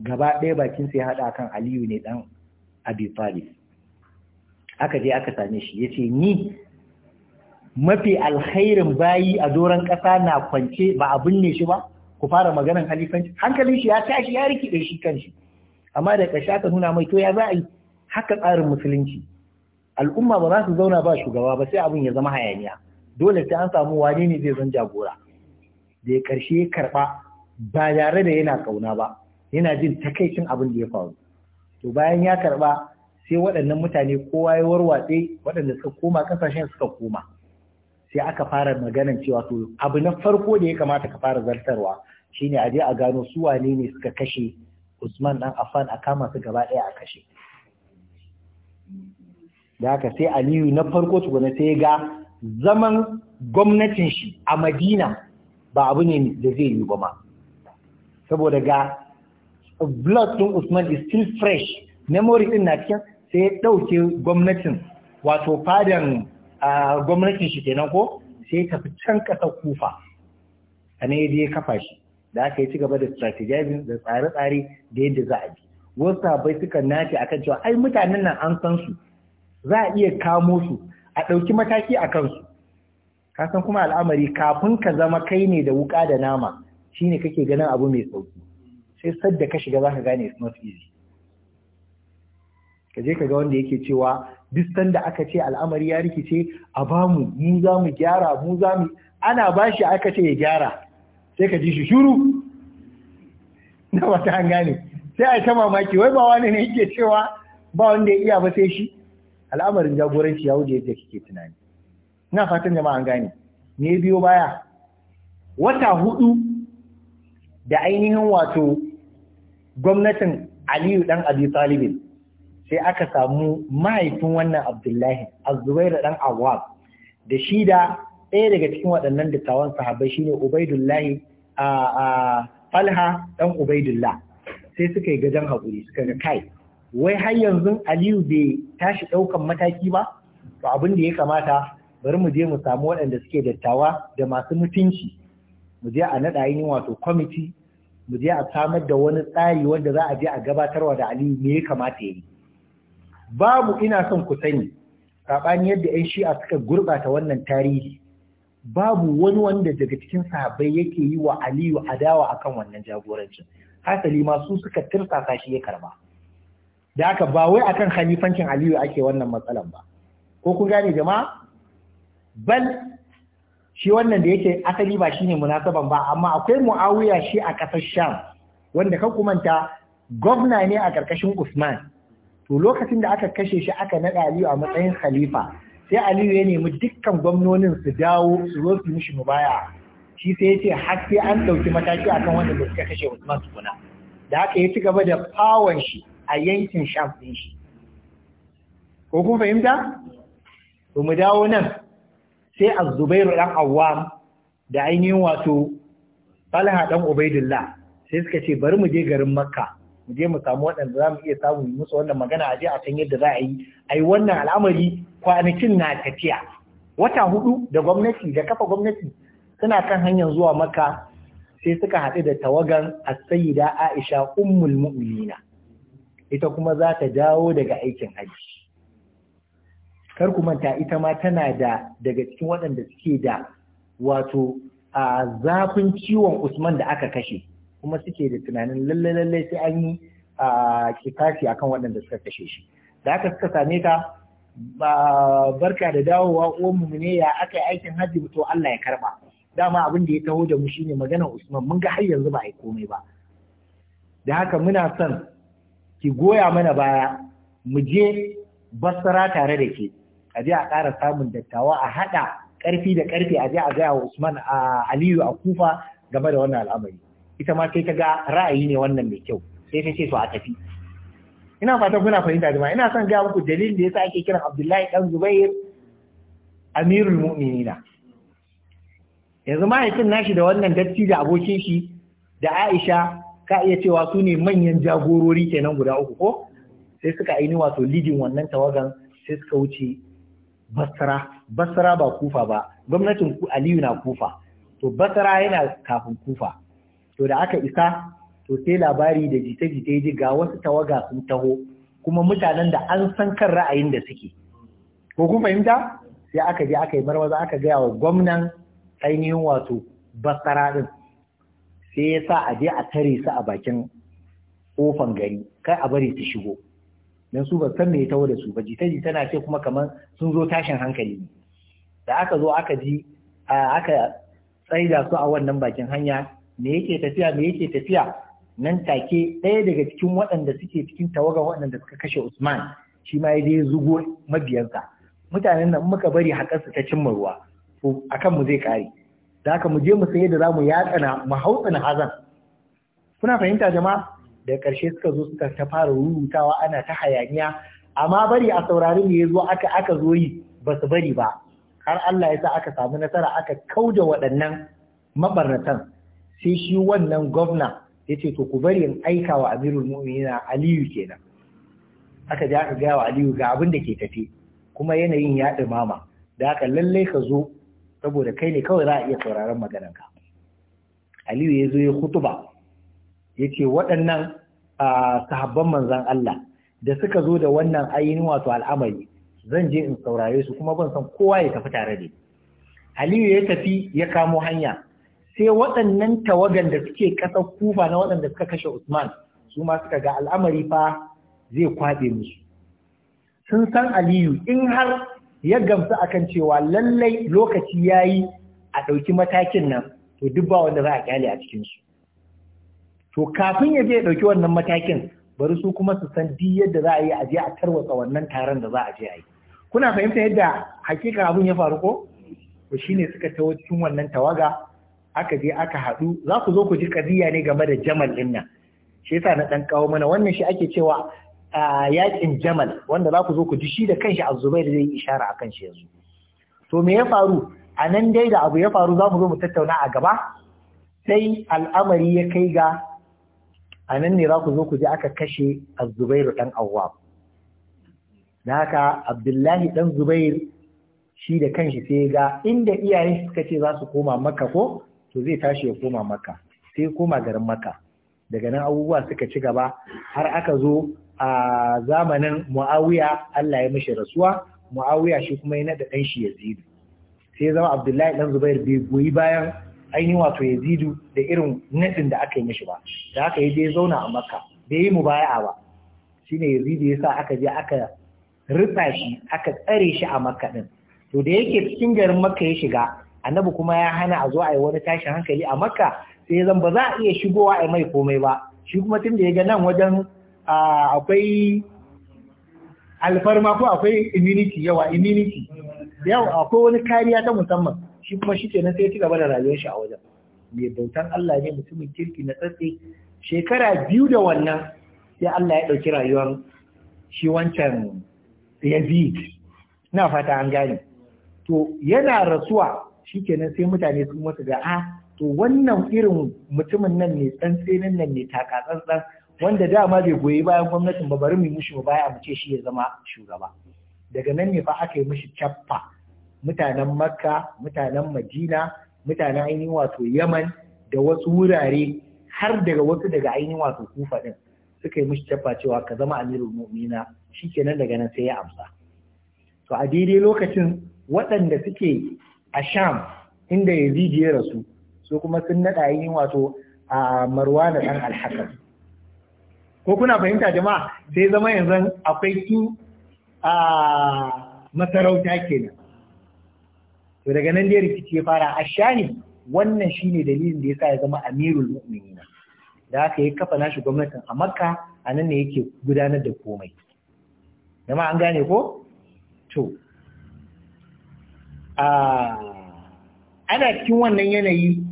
Speaker 1: gaba ɗaya bakin sai haɗa kan aliyu ne ɗan abi talib aka je aka same shi ya ce ni mafi alkhairin bayi a doron ƙasa na kwance ba a ne shi ba ku fara maganan halifanci hankalin shi ya tashi ya rikide shi kanshi amma da ƙarshe aka nuna mai to ya za a yi haka tsarin musulunci al'umma ba za su zauna ba shugaba ba sai abin ya zama hayaniya dole sai an samu wane ne zai zan jagora da ya karshe ya karɓa ba yare da yana kauna ba yana jin takaicin abin da ya faru to bayan ya karɓa sai waɗannan mutane kowa ya warwatse waɗanda suka koma ƙasashen suka koma sai aka fara maganan cewa to abu na farko da ya kamata ka fara zartarwa shine a je a gano su wane ne suka kashe Usman dan Affan a kama su gaba ɗaya a kashe da haka sai Aliyu na farko tukuna sai ga zaman gwamnatin shi a Madina ba abu ne da zai yi ba ma saboda ga blood ɗin Usman is still fresh memory ɗin na cikin sai ya ɗauke gwamnatin wato fadan gwamnatin shi kenan ko sai tafi can ƙasar kufa a ne ya kafa shi da aka yi ci gaba da strategizing da tsare-tsare da yadda za a bi wasu sabai suka nace akan cewa ai mutanen nan an san su za a iya kamo su a ɗauki mataki a kansu ka san kuma al'amari kafin ka zama kai ne da wuka da nama shine kake ganin abu mai sauki sai sadda ka shiga za ka gane it's not easy ka je ka ga wanda yake cewa duk sanda aka ce al'amari ya rikice a bamu mu za mu gyara mu za mu ana bashi aka ce ya gyara sai ka ji shi shuru na wata hanga ne sai a ta mamaki wai ba wani ne yake cewa ba wanda ya iya ba sai shi al'amarin jagoranci ya wuce yadda kike tunani ina fatan jama'a an gane me biyo baya wata hudu da ainihin wato gwamnatin Aliyu dan Abi Talib sai aka samu mahaifin wannan Abdullahi az dan Awwab da shida. ɗaya daga cikin waɗannan dattawan sahabbai shine Ubaidullah a Falha dan Ubaidullah sai suka yi gajan hakuri suka ga kai wai har yanzu Aliyu bai tashi ɗaukan mataki ba to abin da ya kamata bari mu je mu samu waɗanda suke dattawa da masu mutunci mu je a naɗa yin wato kwamiti mu je a samar da wani tsari wanda za a je a gabatarwa da Aliyu me ya kamata ya yi babu ina son ku sani saɓani yadda 'yan shi'a suka gurɓata wannan tarihi babu wani wanda daga cikin sahabbai yake yi wa Aliyu adawa akan wannan jagorancin hasali ma su suka tirsasa shi ya karba da haka ba wai akan khalifancin Aliyu ake wannan matsalan ba ko kun gane jama'a bal shi wannan da yake asali ba shine munasaban ba amma akwai Muawiya shi a kasar Sham wanda ka kumanta gwamna ne a karkashin Usman to lokacin da aka kashe shi aka naɗa Aliyu a matsayin khalifa sai aliyu ya nemi dukkan gwamnonin su dawo su zo su mishi mubaya shi sai ya ce har sai an ɗauki mataki akan wanda da suka kashe usman tukuna da haka ya ci gaba da fawon shi a yankin sham din shi ko kun fahimta to mu dawo nan sai az-zubairu dan awwam da ainihin wato talha dan ubaidillah sai suka ce bari mu je garin makka mu je mu samu waɗanda za mu iya samu musu wannan magana a je a san yadda za a yi ai wannan al'amari kwanakin na tafiya wata hudu da gwamnati da kafa gwamnati suna kan hanyar zuwa maka sai suka haɗu da tawagan asayida sayyida Aisha ummul mu'minina ita kuma za ta dawo daga aikin hajji kar kuma manta ita ma tana da daga cikin waɗanda suke da wato a zafin ciwon Usman da aka kashe kuma suke da tunanin lalle lalle sai an yi a akan waɗanda suka kashe shi da aka suka same ta barka da dawowa uwan mu ne ya aka yi aikin hajji to Allah ya karba dama abin da ya taho da mu shine magana Usman mun ga har yanzu ba a yi komai ba da haka muna son ki goya mana baya mu je basara tare da ke a je a ƙara samun dattawa a haɗa ƙarfi da ƙarfi a je a gaya wa Usman a Aliyu a Kufa game da wannan al'amari ita ma sai ta ga ra'ayi ne wannan mai kyau sai ta ce to a tafi ina fatan kuna fahimta ma ina son gaya muku dalilin da yasa ake kiran Abdullahi dan Zubair Amirul Mu'minina yanzu mahaifin nashi da wannan datti da abokin shi da Aisha ka iya cewa su ne manyan jagorori kenan guda uku ko sai suka aini wato lidin wannan tawagan sai suka wuce Basra Basra ba Kufa ba gwamnatin Aliyu na Kufa to Basra yana kafin Kufa to da aka isa to sai labari da jita-jita ya ji ga wasu tawaga sun taho kuma mutanen da an san kan ra'ayin da suke ko kun fahimta sai aka je aka yi marwaza aka gaya wa gwamnan ainihin wato basara din sai ya sa a je a tare su a bakin kofan gari kai a bari su shigo dan su ba san me ya taho da su ba jita-jita na ce kuma kamar sun zo tashin hankali ne da aka zo aka ji aka tsaida su a wannan bakin hanya me yake tafiya me yake tafiya nan take ɗaya daga cikin waɗanda suke cikin tawaga waɗanda suka kashe Usman shi ma ya je zugo mabiyansa mutanen nan muka bari haƙarsu ta cimma ruwa to akan mu zai kare da haka mu je mu sai da zamu na mu hautsana hazan kuna fahimta jama'a da karshe suka zo suka ta fara rurutawa ana ta hayaniya amma bari a saurari ne ya zo aka aka zo yi ba su bari ba har Allah ya sa aka samu nasara aka kauda waɗannan mabarnatan sai shi wannan gwamna yace to ku bari in aika wa amirul mu'minina aliyu kenan aka ja aka gaya wa aliyu ga abin da ke tafi kuma yanayin ya mama, da haka lallai ka zo saboda kai ne kawai za a iya sauraron maganarka aliyu ya zo ya kutuba. ya ce waɗannan sahabban manzan Allah da suka zo da wannan ainihin wato al'amari zan je in saurare su kuma ban san kowa ya tafi tare da aliyu ya tafi ya kamo hanya sai waɗannan tawagan da suke ƙasar kufa na waɗanda suka kashe Usman su ma suka ga al'amari fa zai kwaɗe musu sun san Aliyu in har ya gamsu akan cewa lallai lokaci ya yi a ɗauki matakin nan to duk ba wanda za a kyale a cikinsu. to kafin ya je ya ɗauki wannan matakin bari su kuma su san duk yadda za a yi a je a tarwatsa wannan taron da za a je a yi kuna fahimta yadda hakika abin ya faru ko to ne suka ta cikin wannan tawaga aka je aka haɗu za ku zo ku ji kadiya ne game da jamal ɗin nan shi yasa na ɗan kawo mana wannan shi ake cewa yaƙin jamal wanda za ku zo ku ji shi da kanshi azubair zai yi ishara a kanshi yanzu to me ya faru a nan dai da abu ya faru za mu zo mu tattauna a gaba sai al'amari ya kai ga a nan ne za ku zo ku ji aka kashe Zubairu ɗan awwa da haka abdullahi ɗan zubair shi da kanshi sai ga inda iyayen suka ce za su koma maka ko to zai tashi ya koma maka sai ya koma garin maka daga nan abubuwa suka ci gaba har aka zo a zamanin muawiya Allah ya mishi rasuwa muawiya shi kuma ya nada ɗan shi yazidu sai ya zama abdullahi dan zubair bai goyi bayan ainihin wato yazidu da irin naɗin da aka yi mishi ba da haka yi je zauna a makka bai yi mubaya'a ba shine yazidu ya sa aka je aka rufa shi aka tsare shi a makka ɗin. to da yake cikin garin makka ya shiga annabi kuma ya hana a zo a yi wani tashin hankali a makka sai zan ba za a iya shigowa a mai komai ba shi kuma tun da ya ga nan wajen akwai alfarma ko akwai immunity yawa immunity yau akwai wani kariya ta musamman shi kuma shi nan sai ya ci gaba da rayuwar shi a wajen mai bautan Allah ne mutumin kirki na tsatse shekara biyu da wannan sai Allah ya ɗauki rayuwar shi wancan Yazid na fata an gane to yana rasuwa shikenan sai mutane sun mutu ga a ah, to wannan irin mutumin nan ne tsantsenin nan ne taka tsantsan wanda dama bai goyi bayan gwamnatin ba bari mu yi mushi ba baya mu ce shi ya zama shugaba daga nan ne fa aka yi mushi cappa mutanen makka mutanen madina mutanen ainihin wato yaman da wasu wurare har daga wasu daga ainihin wato kufa din suka yi mushi cappa cewa ka zama amirul mu'mina shikenan daga nan sai ya amsa to a daidai lokacin waɗanda suke a sham inda ya ya rasu su kuma sun naɗa yi wato a marwana da ɗan ko kuna fahimta jama'a sai zama yanzu akwai su a masarauta kenan to daga nan dai rikici ya fara a shani wannan shine dalilin da yasa ya zama amirul mu'minina da aka yi kafa nashi gwamnatin a makka a nan ne yake gudanar da komai jama'a an gane ko to ana cikin wannan yanayi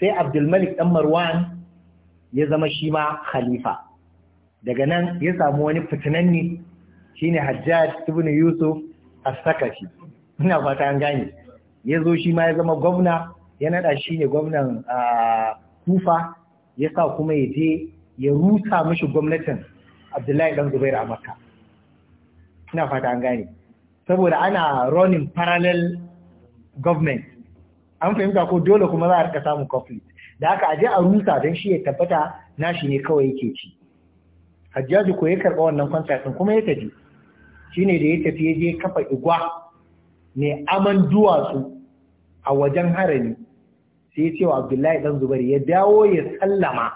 Speaker 1: sai abdulmalik ɗan marwan ya zama shi ma khalifa daga nan ya samu wani fitinanni shine hajjaj ibn yusuf as-sakafi ina fata an gane ya zo shi ma ya zama gwamna ya naɗa shi ne gwamnan kufa ya sa kuma ya je ya rusa mashi gwamnatin abdullahi Dan zubairu a makka ina fata an gane saboda ana running parallel government an fahimta ko dole kuma za a rika samun conflict da haka aje a rusa don shi ya tabbata nashi ne kawai yake ci hajjaji ko ya karɓa wannan contract din kuma ya tafi shine da ya tafi ya je kafa igwa ne aman duwatsu a wajen harami sai ya ce wa Abdullahi dan zubari ya dawo ya sallama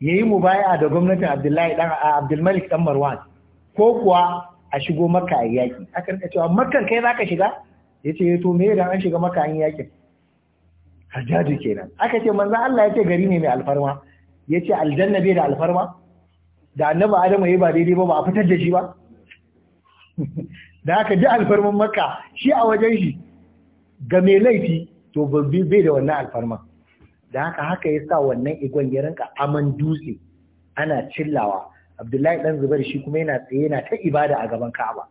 Speaker 1: yayi mubaya da gwamnatin Abdullahi dan Abdulmalik dan Marwan ko kuwa a shigo maka a yaƙi aka rika cewa makan kai zaka shiga ya ce eh, to me idan an shiga maka an yaƙin hajjaju kenan aka ce manzan Allah ya ce gari ne mai alfarma ya ce aljanna bai da alfarma da annaba adamu ya ba daidai ba ba a fitar da shi ba da aka ji alfarman makka shi a wajen shi ga mai laifi to bai da wannan alfarman da haka haka ya sa wannan igon ya rinka aman dutse ana cillawa abdullahi dan zubar shi kuma yana tsaye yana ta ibada a gaban ka'aba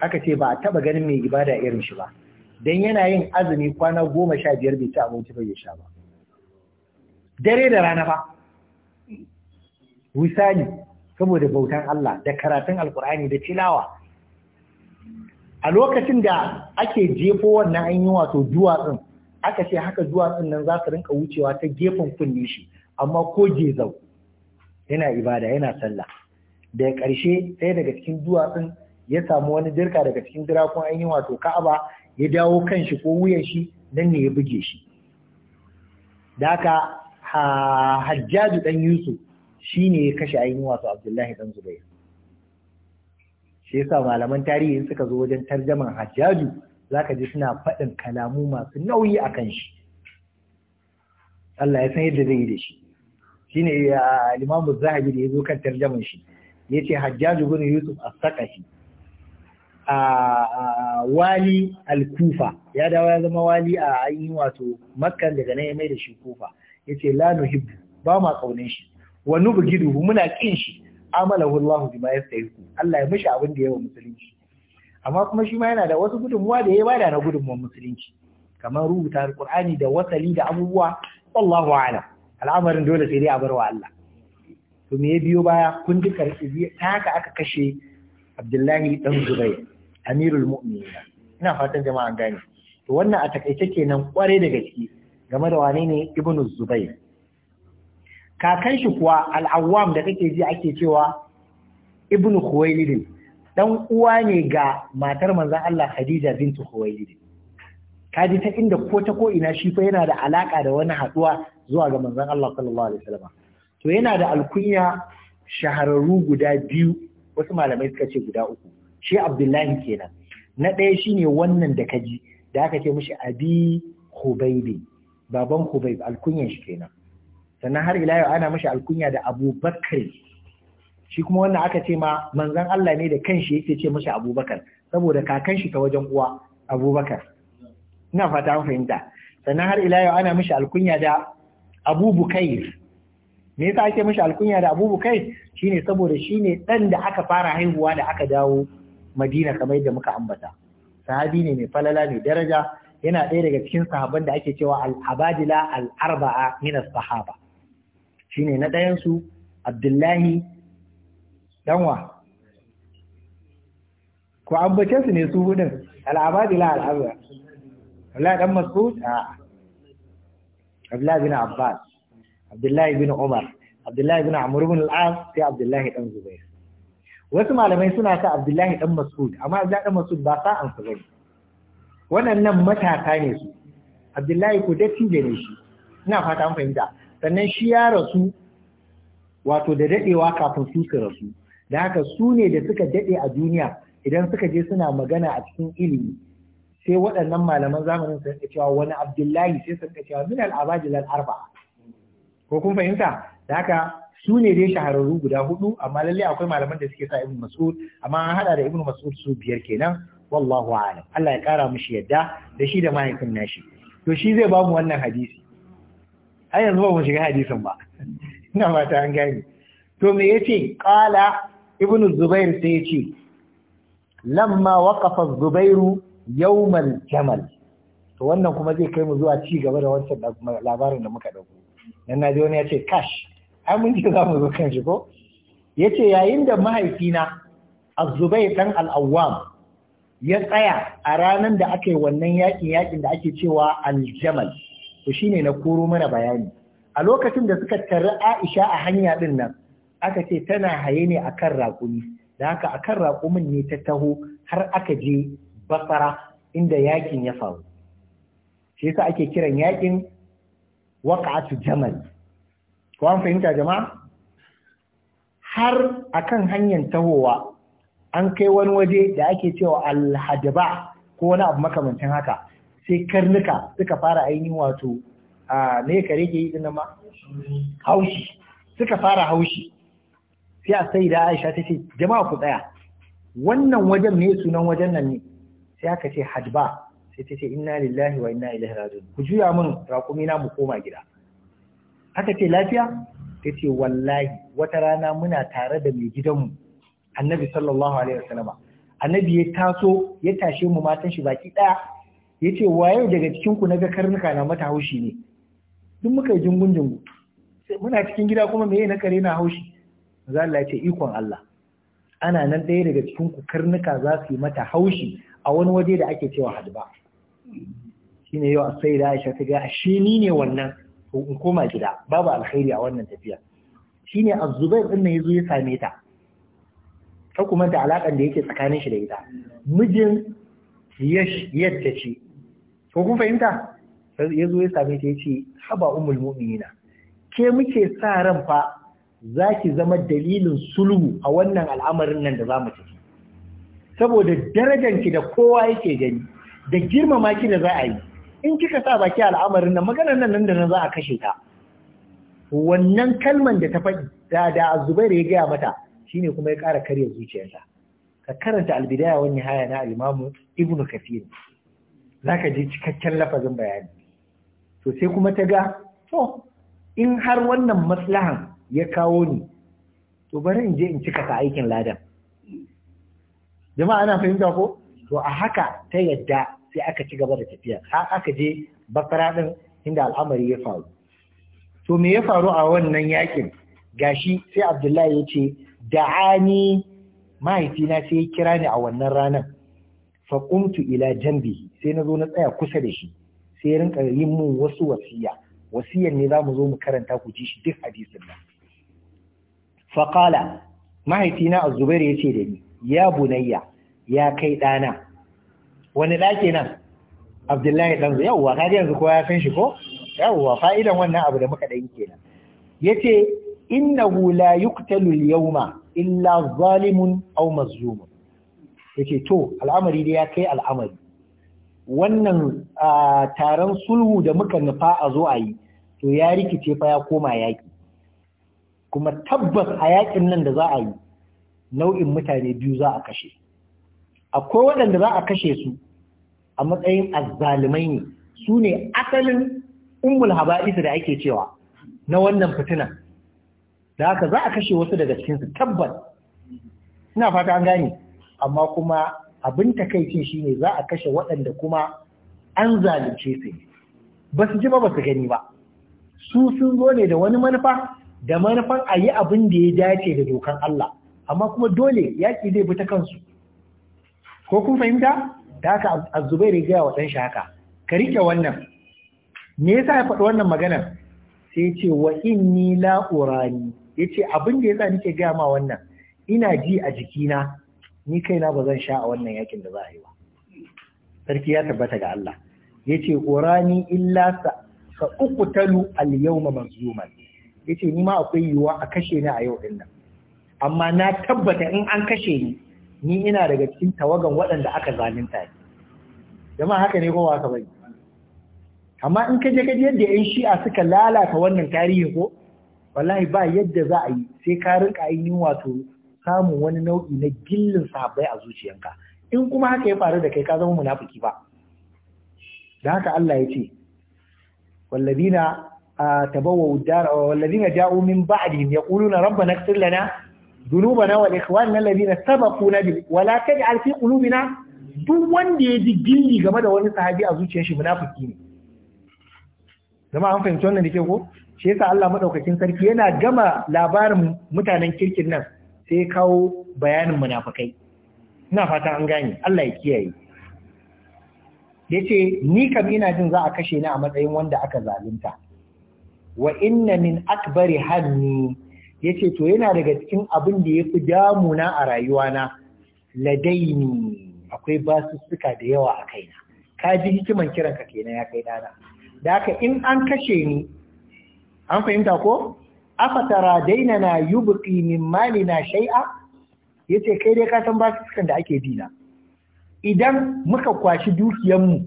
Speaker 1: aka ce ba a taɓa ganin mai ibada irin shi ba dan yana yin azumi kwana goma sha biyar bai ci abinci bai ya sha ba dare da rana fa wisali saboda bautan Allah da karatun Alƙur'ani da tilawa a lokacin da ake jefo wannan an yi wato duwatsun aka ce haka duwatsun nan za su rinka wucewa ta gefen kunne shi amma ko gezau yana ibada yana sallah da ƙarshe sai daga cikin duwatsun ya samu wani dirka daga cikin dirakun ainihin wato ka'aba ya dawo kan shi ko wuyan shi dan ne ya buge shi da haka hajjaju dan yusuf shine ya kashe ainihin wato abdullahi dan zubair shi yasa malaman tarihi suka zo wajen tarjaman hajjaju zaka ji suna faɗin kalamu masu nauyi akan shi Allah ya san yadda zai yi da shi shine al-Imam ah, Zahabi da yazo kan tarjaman shi yace Hajjaj ibn Yusuf as-Saqafi a ah, ah, wali al-Kufa ya dawo ya zama wali a ainihin wato Makka daga na ya mai da shi Kufa yace la nuhibbu ba ma kaunin shi wa nubghiduhu muna kin shi amalahu Allah bima yastahiqu Allah ya mishi abin da yawa musulunci amma kuma shi ma yana da wasu gudunmuwa da ya bada na gudunmuwan musulunci kamar rubuta alqur'ani da wasali da abubuwa wallahu a'lam al'amarin dole sai dai a bar wa Allah to me ya biyo baya kun ji karfi ta haka aka kashe Abdullahi dan Zubair Amirul Mu'minin ina fatan jama'a gane to wannan a takaice kenan kware daga gaske game da wane ne Ibn Zubair kakan shi kuwa Al-Awwam da kake ji ake cewa Ibn Khuwaylid dan uwa ne ga matar manzon Allah Khadija bint Khuwaylid kaji ta inda ko ta ko ina shi fa yana da alaka da wani haduwa zuwa ga manzon Allah sallallahu alaihi wasallam to yana da alkunya shahararru guda biyu wasu malamai suka ce guda uku shi Abdullahi kenan na ɗaya shine wannan da kaji da aka ce mishi abi Hubaibi baban Hubaib alkunyan shi kenan sannan har ila yau ana mishi alkunya da Abu shi kuma wannan aka ce ma manzon Allah ne da kanshi yake ce mishi Abubakar saboda kakan shi ta wajen uwa Abubakar ina fata fahimta sannan har ila yau ana mishi alkunya da abu bukair me yasa ake mishi alkunya da abu bukair shine saboda shine dan da aka fara haihuwa da aka dawo madina kamar yadda muka ambata sahabi ne mai falala mai daraja yana ɗaya daga cikin sahabban da ake cewa al-abadila al-arba'a min as-sahaba shine na ɗayan su abdullahi danwa ko ambace su ne su hudun al-abadila al-arba'a Allah dan Mas'ud a Abdullahi bin Abbas Abdullahi bin Umar Abdullahi bin Amr bin al sai Abdullahi dan Zubair wasu malamai suna sa Abdullahi dan Mas'ud amma Abdullahi dan Mas'ud ba sa an su bane waɗannan matata ne su Abdullahi ko dattijo ne shi ina fata an fahimta sannan shi ya rasu wato da dadewa kafin su su rasu da haka su ne da suka dade a duniya idan suka je suna magana a cikin ilimi sai waɗannan malaman zamanin su rika cewa wani abdullahi sai su rika cewa min al-abajil al-arba ko kun fahimta da haka su ne dai shahararru guda hudu amma lalle akwai malaman da suke sa ibnu mas'ud amma an hada da ibnu mas'ud su biyar kenan wallahu a'lam Allah ya kara mishi yadda da shi da mahaifin nashi to shi zai ba mu wannan hadisi a yanzu ba mu shiga hadisin ba ina mata an gani. to me yace qala ibnu zubair sai yace lamma waqafa zubairu yawmal jamal to wannan kuma zai kai mu zuwa ci gaba da wancan labarin da muka dauko dan naji wani ya ce kash ai mun ji za mu zo kan shi ko yace yayin da mahaifina Az-Zubayr dan Al-Awwam ya tsaya a ranar da aka yi wannan yakin yakin da ake cewa Al-Jamal to shine na koro mana bayani a lokacin da suka tarri Aisha a hanya din nan aka ce tana haye ne akan raƙumi da haka akan raƙumin ne ta taho har aka je basara inda yakin ya faru shi yasa ake kiran yakin waqa'atu jamal ko an fahimta jama'a har akan hanyar tahowa an kai wani waje da ake cewa alhadaba ko wani abu makamancin haka sai karnuka suka fara ainihin wato a ne kare ke yi ma haushi suka fara haushi sai sai da aisha ta ce jama'a ku tsaya wannan wajen ne sunan wajen nan ne sai aka ce hadba sai ta ce inna lillahi wa inna ilaihi raji'un ku juya mun rakumi na mu koma gida aka ce lafiya ta ce wallahi wata rana muna tare da mai gidanmu annabi sallallahu alaihi wasallama annabi ya taso ya tashe mu matan shi baki ɗaya ya ce waye daga cikin ku naga karnuka na mata haushi ne duk muka yi jingun jingu muna cikin gida kuma meye na kare na haushi zalla ce ikon Allah ana nan ɗaya daga cikin ku karnuka za su yi mata haushi a wani waje da ake cewa hadba ne yau a sai da Aisha ta gaya shi ni ne wannan in koma gida babu alkhairi a wannan tafiya shine Az-Zubair din yazo ya same ta ta kuma da alaƙar da yake tsakanin shi da ita mijin yadda ce ko kun fahimta yazo ya same ta yace haba umul mu'minina ke muke sa ran fa zaki zama dalilin sulhu a wannan al'amarin nan da za mu tafi saboda ki da kowa yake gani da girmama ki da za a yi in kika sa baki al'amarin nan maganar nan nan da nan za a kashe ta wannan kalman da ta faɗi da da Zubair ya gaya mata shine kuma ya ƙara karya zuciyarsa ka karanta albidaya wani haya na al-Imam Ibn Kathir zaka je cikakken lafazin bayani to sai kuma ta ga to in har wannan maslahan ya kawo ni to bari in je in cika ta aikin ladan jama'a ana fahimta ko to a haka ta yadda sai aka ci gaba da tafiya har aka je bakara din inda al'amari ya faru to me ya faru a wannan yakin gashi sai abdullahi ya ce da'ani mahaifina sai ya kira ni a wannan ranar faƙumtu ila jambi sai na zo na tsaya kusa da shi sai ya rinka yin mun wasu wasiya wasiyan ne za mu zo mu karanta ku ji shi duk hadisin nan faƙala mahaifina a zubair ya ce da ni ya bunayya ya kai ɗana wani ɗa nan? abdullahi Ɗanzu. yawwa ka yanzu ko ya san shi ko yawwa fa'idan wannan abu da muka ɗan kenan yace innahu la hula al-yawma illa zalimun aw Ya yace to al'amari da ya kai al'amari wannan taron sulhu da muka nufa a zo a yi to ya rikice fa ya koma yaƙi kuma tabbas a yaƙin nan da za a yi nau'in mutane biyu za a kashe akwai waɗanda za a kashe su a matsayin azzalumai ne su ne asalin umul haba'isu da ake cewa na wannan fitinan da haka za a kashe wasu daga cikinsu tabbas ina fata an gane amma kuma abin takaici shine za a kashe waɗanda kuma an zalunce su ba su ji ba ba su gani ba su sun zo ne da wani manufa da manufan a yi abin da ya dace da dokan Allah amma kuma dole yaƙi zai bi ta kansu ko kun fahimta da haka azubairu ya gaya wa ɗan shi haka ka riƙe wannan me yasa ya faɗi wannan maganar sai ce wa inni la urani yace abin da yasa nake gaya ma wannan ina ji a jikina ni kaina ba zan sha a wannan yakin da za a yi ba sarki ya tabbata ga Allah yace urani illa sa sa talu al yawma mazluman yace ni ma akwai yiwuwa a kashe ni a yau din amma na tabbata in an kashe ni ni ina daga cikin tawagan waɗanda aka zalunta ni jama'a haka ne kowa haka bane amma in ka je ka yadda yan shi'a suka lalata wannan tarihi ko wallahi ba yadda za a yi sai ka rinka yin wato samun wani nau'i na gillin sahabbai a zuciyanka in kuma haka ya faru da kai ka zama munafiki ba da haka Allah ya ce wallazina ah, tabawwa'u dar wallazina ja'u min ba'dihim yaquluna rabbana ighfir lana ذنوبنا والإخواننا الذين سبقونا بال ولا تجعل في قلوبنا duk wanda ya ji gilli game da wani sahabi a zuciyar shi munafiki ne zama an fahimci wannan da ke ko shi yasa Allah madaukakin sarki yana gama labarin mutanen kirkin nan sai ya kawo bayanin munafikai ina fata an gane Allah ya kiyaye yace ni kam ina jin za a kashe ni a matsayin wanda aka zalunta wa inna min akbari hanni Ya ce to yana daga cikin abin da ya fi damuna a rayuwana ladaini akwai basussuka da yawa a kaina ka ji hikiman kiranka kenan ya kai dana da haka in an kashe ni an fahimta ko afatara daina na yubqi min shai'a. Ya ce kai dai kasan san basussukan da ake dina idan muka kwashi dukiyanmu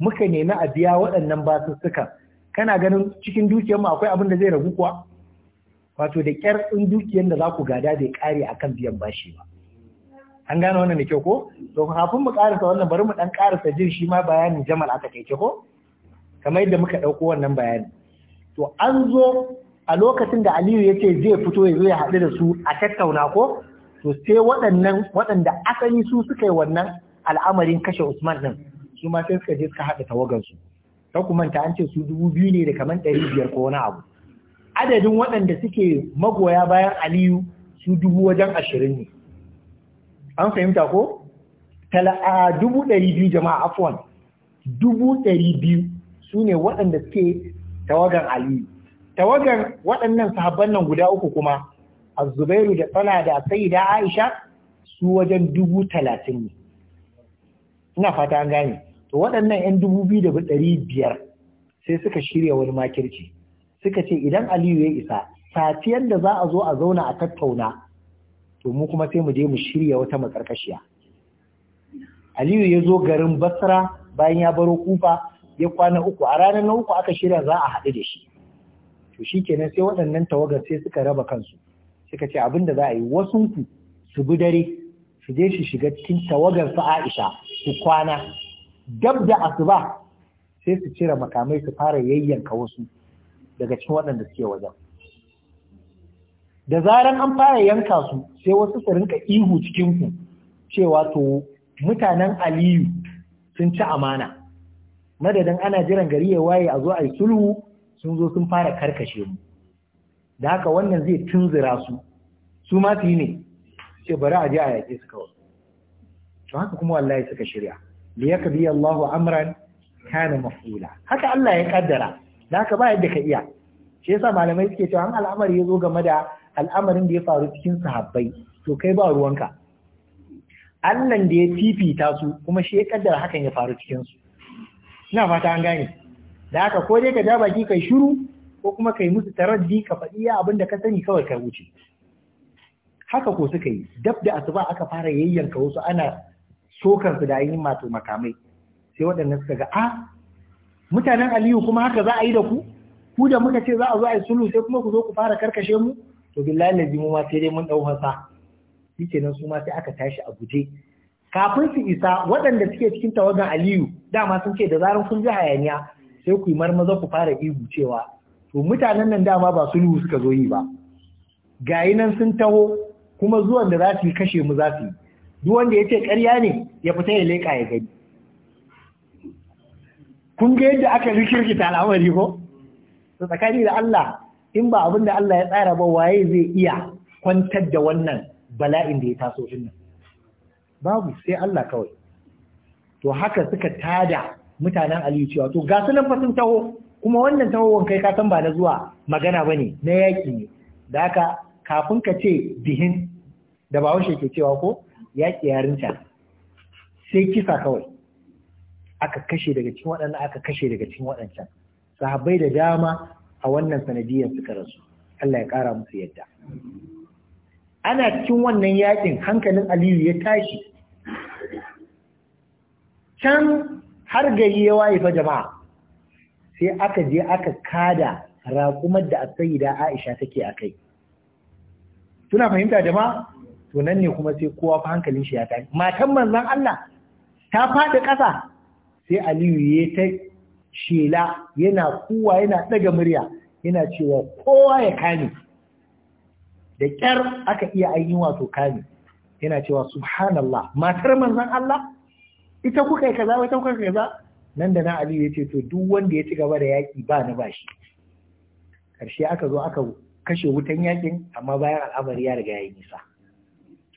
Speaker 1: muka nemi a biya waɗannan basussukan kana ganin cikin dukiyarmu akwai abin da zai ragu kuwa wato da kyar ɗin dukiyar da za ku gada bai kare kan biyan bashi ba an gane wannan da kyau ko to kafin mu karasa wannan bari mu dan karasa jin shi ma bayanin jamal aka kai ko kamar yadda muka dauko wannan bayani to an zo a lokacin da Aliyu ya ce zai fito ya zo ya haɗu da su a tattauna ko to sai waɗannan waɗanda asali su suka yi wannan al'amarin kashe Usman din su ma sai suka je suka haɗa tawagansu ta kuma ta an ce su dubu biyu ne da kamar ɗari biyar ko wani abu adadin waɗanda suke magoya bayan aliyu su dubu wajen ashirin ne an fahimta ko? tala'a dubu ɗari biyu jama'a afwan dubu ɗari biyu su ne waɗanda suke tawagan aliyu tawagan waɗannan sahabban nan guda uku kuma azubairu da tsana da sai da aisha su wajen dubu talatin ne ina fata an gane to waɗannan 'yan dubu biyu da ɗari biyar sai suka shirya wani makirci suka ce idan aliyu ya isa safiyar da za a zo a zauna a tattauna to mu kuma sai mu je mu shirya wata makarkashiya aliyu ya zo garin basra bayan ya baro kufa ya kwana uku a ranar na uku aka shirya za a haɗu da shi to shi kenan sai waɗannan tawagar sai suka raba kansu suka ce abin da za a yi wasunku su bi dare su je su shiga cikin tawagar su aisha su kwana dab da asuba sai su cire makamai su fara yayyanka wasu daga cikin waɗanda suke wajen da zaran an fara yanka su sai wasu su rinka ihu cikinku. cewa to mutanen aliyu sun ci amana madadin ana jiran gari ya waye a zo a yi sulhu sun zo sun fara karkashe mu da haka wannan zai tunzura su su ma su yi ne ce bari a je a yaƙe su kawai to haka kuma wallahi suka shirya li biya Allahu amran kana maf'ula haka Allah ya kaddara Naka ba yadda ka iya shi yasa malamai suke cewa an al'amari ya zo game da al'amarin da ya faru cikin sahabbai to kai ba ruwanka Allahn da ya fifita su kuma shi ya kaddar hakan ya faru cikin su ina fata an gane da haka ko dai ka ja baki kai shiru ko kuma kai musu taraddi ka faɗi ya abin da ka sani kawai ka wuce haka ko suka yi dab da asuba aka fara yayyanka wasu ana sokan su da yin mato makamai sai waɗannan suka ga a ah, mutanen aliyu kuma haka za a yi da ku ku da muka ce za a zo a yi sulhu sai kuma ku zo ku fara karkashe mu to billahi lazi mu ma sai dai mun dau shike nan su ma sai aka tashi a guje kafin su isa waɗanda suke cikin tawagan aliyu dama sun ce da zarar kun ji hayaniya sai ku yi marmaza ku fara ihu cewa to mutanen nan dama ba sulhu suka zo yi ba gayi nan sun taho kuma zuwan da za su yi kashe mu za su yi duk wanda ya ce ƙarya ne ya fita ya leƙa ya gani kun ga yadda aka ta al'amari ko to tsakani da Allah in ba abin da Allah ya tsara ba waye zai iya kwantar da wannan bala'in da ya taso din nan babu sai Allah kawai to haka suka tada mutanen Aliyu cewa to ga su nan fa sun taho kuma wannan tahowon kai ka san ba na zuwa magana bane na yaki ne da haka kafin ka ce bihin da bahaushe ke cewa ko yaki yarinta sai kisa kawai aka kashe daga cikin waɗannan aka kashe daga cikin waɗancan sahabbai da dama a wannan sanadiyar suka rasu Allah ya ƙara musu yadda ana cikin wannan yakin hankalin Aliyu ya tashi can har gari ya waye jama'a sai aka je aka kada raƙumar da Sayyida Aisha take a kai tuna fahimta jama'a to nan ne kuma sai kowa fa hankalin shi ya tashi matan manzon Allah ta faɗi ƙasa sai aliyu ya ta shela yana kuwa yana ɗaga murya yana cewa kowa ya kame da ƙyar aka iya ayi wato kame yana cewa subhanallah matar manzon Allah ita kuka yi kaza wata kuka kaza nan da na aliyu ya ce to duk wanda ya ci gaba da yaƙi ba na bashi ƙarshe aka zo aka kashe wutan yakin amma bayan al'amari ya riga ya yi nisa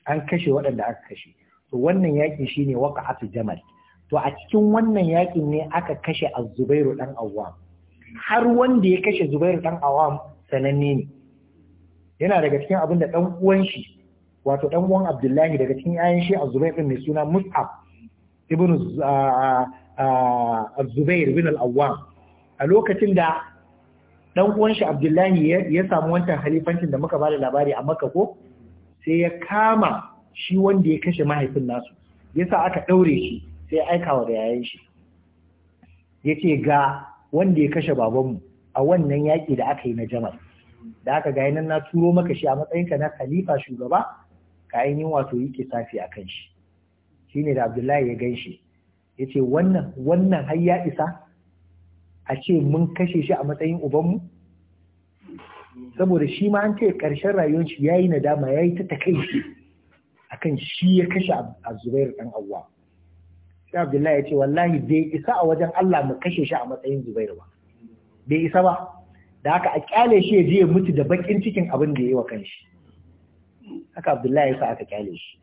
Speaker 1: an kashe waɗanda aka kashe to wannan yaƙi shine waqa'atu jamal to a cikin wannan yakin ne aka kashe Azubairu dan Awam. har wanda ya kashe Zubairu dan Awam sananne ne yana daga cikin abin da dan uwan shi wato dan uwan Abdullahi daga cikin yayin shi Azubair din mai suna Mus'ab ibn Zubair ibn al-Awwam a lokacin da dan uwan shi Abdullahi ya samu wancan halifancin da muka bada labari a Makka ko sai ya kama shi wanda ya kashe mahaifin nasu yasa aka daure shi sai aikawa da yayan shi ya ce ga wanda ya kashe babanmu a wannan yaƙi da aka yi na jamal da aka ga nan na turo maka shi a matsayinka na khalifa shugaba ka ainihin wato yi safi a kan shi shine da abdullahi ya gan shi ya ce wannan wannan har ya isa a ce mun kashe shi a matsayin ubanmu saboda shi ma an ce ƙarshen rayuwar shi ya yi nadama ya yi ta takaici akan shi ya kashe a Zubairu ɗan awwa sai abdullahi ya ce wallahi bai isa a wajen Allah mu kashe shi a matsayin zubairu ba bai isa ba da haka a kyale shi ya je ya mutu da bakin cikin abin da ya yi wa kanshi haka abdullahi ya sa aka kyale shi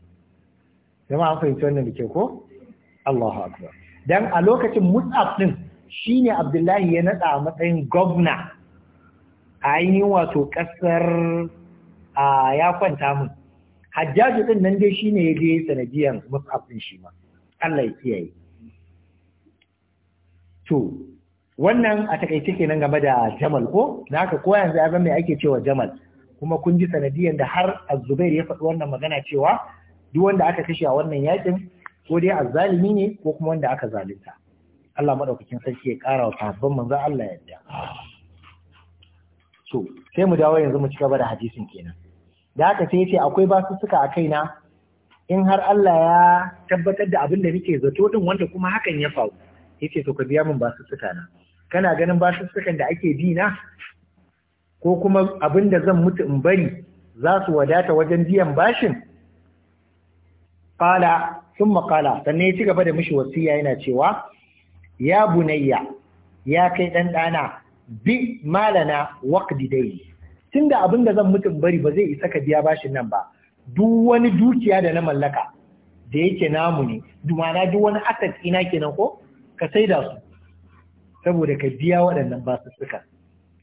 Speaker 1: jama'a an fahimci wannan da ke ko Allahu akbar dan a lokacin mus'ab din shine abdullahi ya nada a matsayin gwamna a yi wato kasar a ya kwanta mun hajjaju din nan dai shine ya je sanadiyan mus'ab din shi ma Allah ya kiyaye to wannan a takaice kenan game da jamal ko da haka ko yanzu ya mai ake cewa jamal kuma kun ji sanadiyar da har azubair ya faɗi wannan magana cewa duk wanda aka kashe a wannan yakin ko dai azzalimi ne ko kuma wanda aka zalunta Allah maɗaukakin sarki ya ƙara wa sahabban manzo Allah yadda to sai mu dawo yanzu mu ci gaba da hadisin kenan da haka sai ya ce akwai basussuka a kaina in har Allah ya tabbatar da abin da nake zato din wanda kuma hakan ya faru yace to ka biya min basussuka na kana ganin basussukan da ake bi na ko kuma abin da zan mutu in bari za su wadata wajen biyan bashin qala thumma qala sannan ya ci gaba da mishi wasiya yana cewa ya bunayya ya kai dan dana bi malana waqdi dai tunda abin da zan mutu in bari ba zai isa ka biya bashin nan ba duk wani dukiya da na mallaka da yake namu ne dumana duk wani asset ina kenan ko ka saida su saboda ka biya waɗannan suka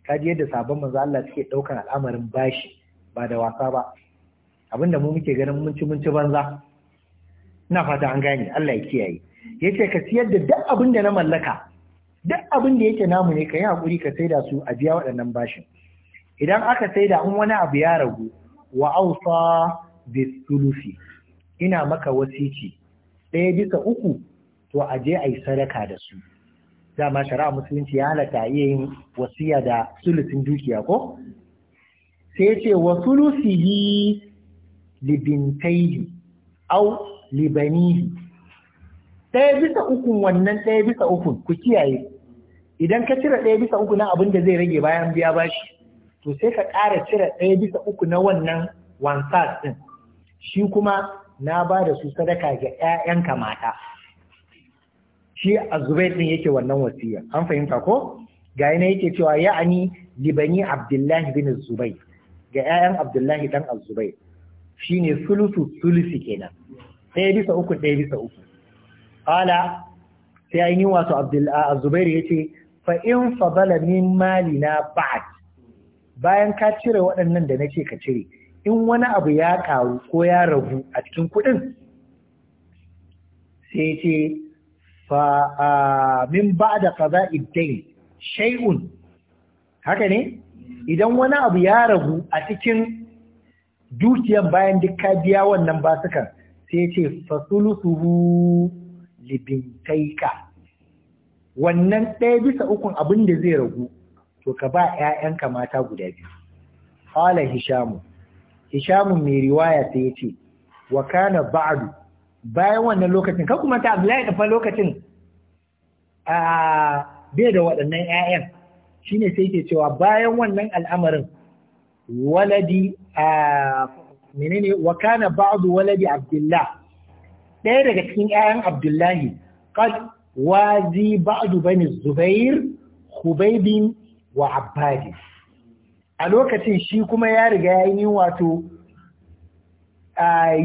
Speaker 1: ka ji yadda sabon manzo Allah suke daukar al'amarin bashi ba da wasa ba abinda mu muke ganin mun ci mun ci banza ina fata an gane Allah ya kiyaye yace ka siyar da duk abin da na mallaka duk abin da yake namu ne ka yi hakuri ka saida su a biya waɗannan bashin idan aka saida in wani abu ya ragu wa awsa bisulufi ina maka wasici ɗaya bisa uku to a je a yi sadaka da su dama shari'a musulunci ya halatta iya yin wasiya da sulusin dukiya ko sai ce wa sulusihi libintaihi au libanihi ɗaya bisa ukun wannan ɗaya bisa ukun ku kiyaye idan ka cire ɗaya bisa uku na abin da zai rage bayan biya bashi to sai ka ƙara cire ɗaya bisa uku na wannan wansa ɗin shi kuma na ba da su sadaka ga 'ya'yanka mata shi a zubai din yake wannan wasiya an fahimta ko ga yana yake cewa ya'ani libani abdullahi bin zubai ga 'ya'yan abdullahi dan shi shine sulusu sulusi kenan ɗaya bisa uku ɗaya bisa uku qala sai an yi wato abdullahi yace fa in fadala min na ba'ad bayan ka cire waɗannan da nace ka cire in wani abu ya karu ko ya ragu a cikin kuɗin sai ce fa a min ba da kaza iddai shay'un haka ne idan wani abu ya ragu a cikin dukiyan bayan duk ka biya wannan basukan sai ce libin ta'ika. wannan ɗaya bisa ukun abin da zai ragu to ka ba 'ya'yanka mata guda biyu qala hishamu Hishamun mai riwaya sai ya ce, wa kana ba'du bayan wannan lokacin, kan kuma ta Abdullahi da lokacin a bai da waɗannan ‘ya'yan shi ne sai ke cewa bayan wannan al'amarin waladi a menene wa kana ba'du waladi Abdullah ɗaya daga cikin ‘ya'yan Abdullahi qad wazi ba'du bani Zubair Hubaibin wa Abbadin a lokacin shi kuma ya riga ya yi wato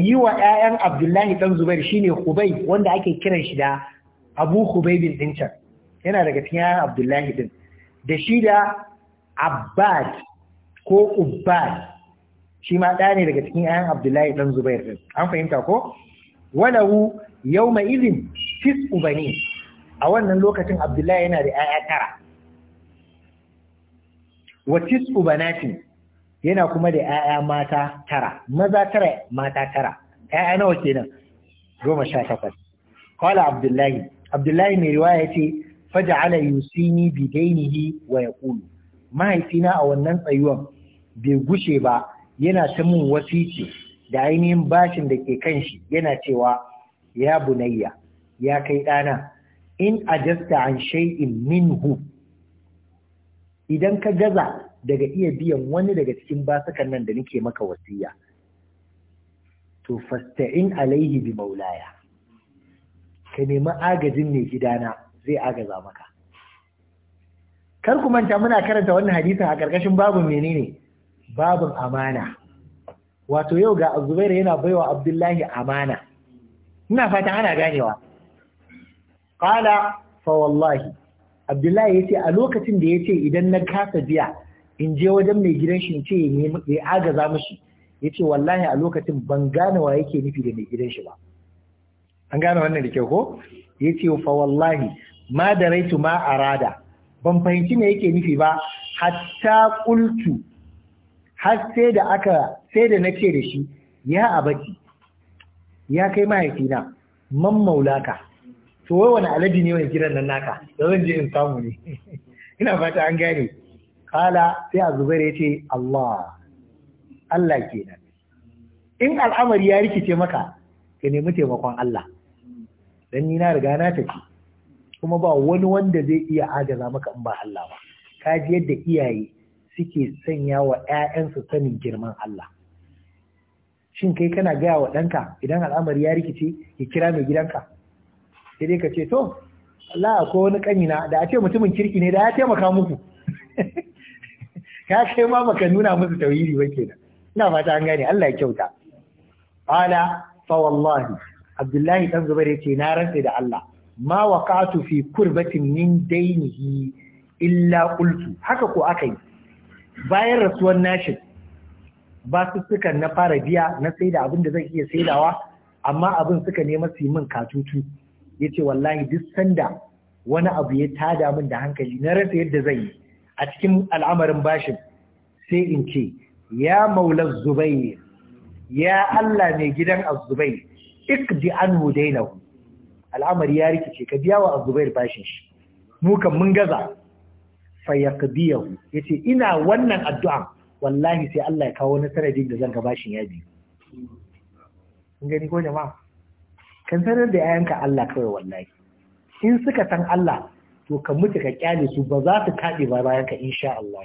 Speaker 1: yi wa 'ya'yan abdullahi ɗan zubair shine hubai wanda ake kiran shi da abu hubai bin Dinchar, yana daga cikin 'ya'yan abdullahi ɗin da shi da abbad ko ubbad shi ma ɗaya ne daga cikin 'ya'yan abdullahi ɗan zubair ɗin an fahimta ko walahu yau mai izin fis ubani a wannan lokacin abdullahi yana da 'ya'ya tara wa tis'u yana kuma da 'ya'ya, mata tara maza tara mata tara 'ya'ya nawa kenan goma sha takwas Kwala abdullahi abdullahi mai riwaya yace faja'ala yusini dainihi wa ƙulu mahaifina a wannan tsayuwan bai gushe ba yana ta mun wasici da ainihin bashin da ke kan shi yana cewa ya bunayya ya kai ɗana in a ajasta an shay'in minhu idan ka gaza daga iya biyan wani daga cikin basukan nan da nake maka wasiya to fasta'in alaihi bi maulaya ka nemi agajin ne gidana zai agaza maka kar ku manta muna karanta wannan hadisin a karkashin babun menene babun amana wato yau ga Zubairu yana baiwa Abdullahi amana ina fata ana ganewa qala fa wallahi abdullahi ya ce a lokacin da ya ce idan na kasa biya in je wajen mai gidan shi ce ya agaza mashi ya ce wallahi a lokacin ban gane wa yake nufi da mai gidan shi ba an gane wannan da kyau ko ya ce fa wallahi ma da raitu ma a rada, ban fahimci me yake nufi ba hatta kultu har sai da aka sai da nace da shi ya abaci ya kai mahaifina man maulaka to wai wani alade ne wani gidan nan naka da zan je in samu ne ina fata an gane kala sai a zubar ya ce Allah Allah kenan in al'amari ya rikice maka ka nemi taimakon Allah dan ni na riga na tafi kuma ba wani wanda zai iya adana maka in ba Allah ba ka ji yadda iyaye suke sanya wa ƴaƴansu sanin girman Allah shin kai kana gaya wa ɗanka idan al'amari ya rikice ya kira mai gidanka sai dai ka ce to Allah ko wani kanina da a ce mutumin kirki ne da ya taimaka muku ka kai ma baka nuna musu tauhidi ba kenan ina fata an gane Allah ya kyauta qala fa wallahi Abdullahi dan Zubair yace na rantsa da Allah ma waqatu fi kurbatin min dainihi illa qultu haka ko akai bayan rasuwar nashin ba su suka na fara biya na sai da abin da zai iya saidawa amma abin suka nema su min katutu ya ce wallahi duk sanda wani abu ya tada min da hankali na rasa yadda zai yi a cikin al'amarin bashin sai in ce ya maula zubair ya Allah mai gidan azubair ikdi anhu dainahu al'amari ya rikice ka biya wa azubair bashin shi mu kan mun gaza fa yaqdiyahu yace ina wannan addu'a wallahi sai Allah ya kawo wani sanadin da zan ga bashin ya biyu kun gani ko jama'a Kan sanar da yayanka Allah kawai wallahi in suka san Allah to ka mutu ka kyale su ba za su kaɗe ba bayan ka insha Allah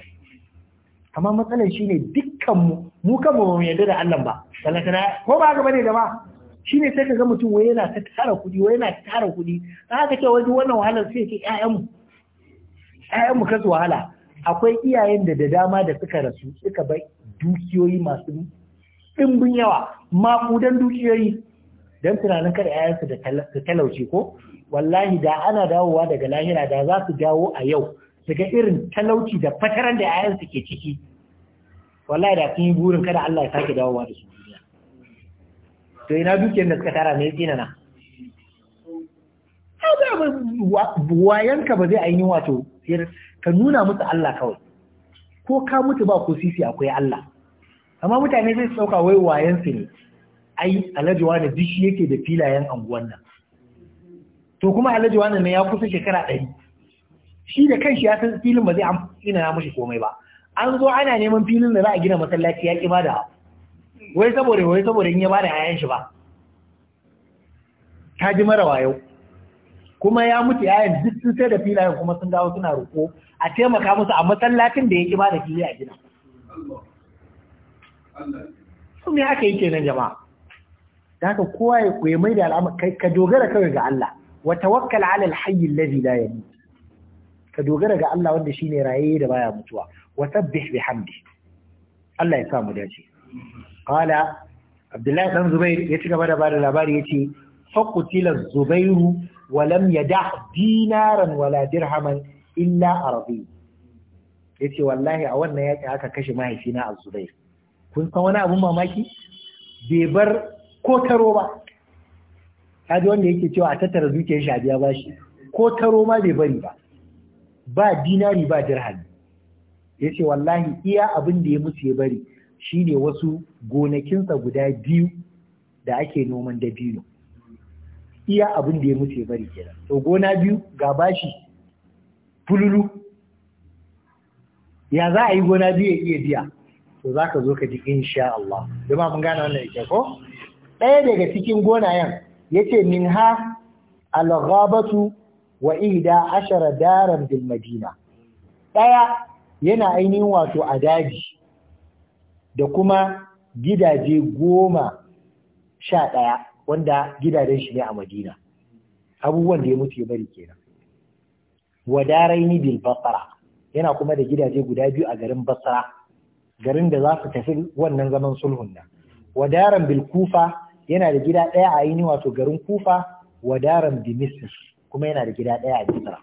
Speaker 1: amma matsalar ne dukkan mu mu kan ba mu yarda da Allah ba sallatana ko ba ga bane da ba shine sai ka ga mutum wai yana ta tara kuɗi wai yana tara kuɗi haka ce wani wannan wahalar sai ke ƴaƴan mu ƴaƴan mu kasu wahala akwai iyayen da da dama da suka rasu suka bai dukiyoyi masu ɗimbin yawa maƙudan dukiyoyi don tunanin kada ‘ya'yansu da talauci ko wallahi da ana dawowa daga lahira da za su dawo a yau su ga irin talauci da fataran da ‘ya'yansu ke ciki wallahi da sun yi burin kada Allah ya sake dawowa da su duniya. to ina dukiyar da suka tara ne tsina na wayanka ba zai ainihin wato ka nuna musu Allah kawai ko ka mutu ba ko sisi akwai Allah amma mutane zai sauka wai wayansu ne ai alhaji wani duk shi yake da filayen anguwan nan to kuma alhaji wani ne ya kusa shekara ɗari shi da kanshi ya san filin ba zai amfina ya mashi komai ba an zo ana neman filin da za a gina masallaci ya ƙi bada wai saboda wai saboda in ya bada yayan shi ba ta ji mara wayo kuma ya mutu yayan duk sun sai da filayen kuma sun dawo suna roƙo a taimaka musu a masallacin da ya ƙi bada fili a gina. Sun me aka yi kenan jama'a? da haka kowa ya koyi mai da al'amari ka dogara kawai ga Allah wa tawakkal alal al-hayy alladhi la yamut ka dogara ga Allah wanda shine raye da baya mutuwa wa sabbih bihamdi Allah ya sa mu dace qala Abdullahi dan Zubair ya ci gaba da bada labari yace faqutila Zubairu wa lam yada' dinaran wala dirhaman illa arabi yace wallahi a wannan yaki aka kashe mahaifina az-Zubair kun san wani abun mamaki bai bar ko taro ba kaji wanda yake cewa a tattara zuciyar shi a biya shi ko taro ma bai bari ba ba dinari ba dirhami ya ce wallahi iya abin da ya musu ya bari shine wasu gonakinsa guda biyu da ake noman dabino iya abin da ya musu ya bari kenan to gona biyu ga bashi fululu ya za a yi gona biyu ya iya biya to za ka zo ka ji insha Allah. Jama'a mun gane wannan ke ko? ɗaya daga cikin gonayen yace min al-ghabatu wa ihda ashara daran bilmadina. ɗaya yana ainihin wato a daji da kuma gidaje goma sha ɗaya wanda gidajen shi ne a madina abubuwan da ya mutu ya bari kenan wadaraini bil basara yana kuma da gidaje guda biyu a garin basara garin da za su tafi wannan zaman sulhun nan wadaran bil kufa yana da gida ɗaya a yini wato garin kufa wa daran kuma yana da gida ɗaya a misra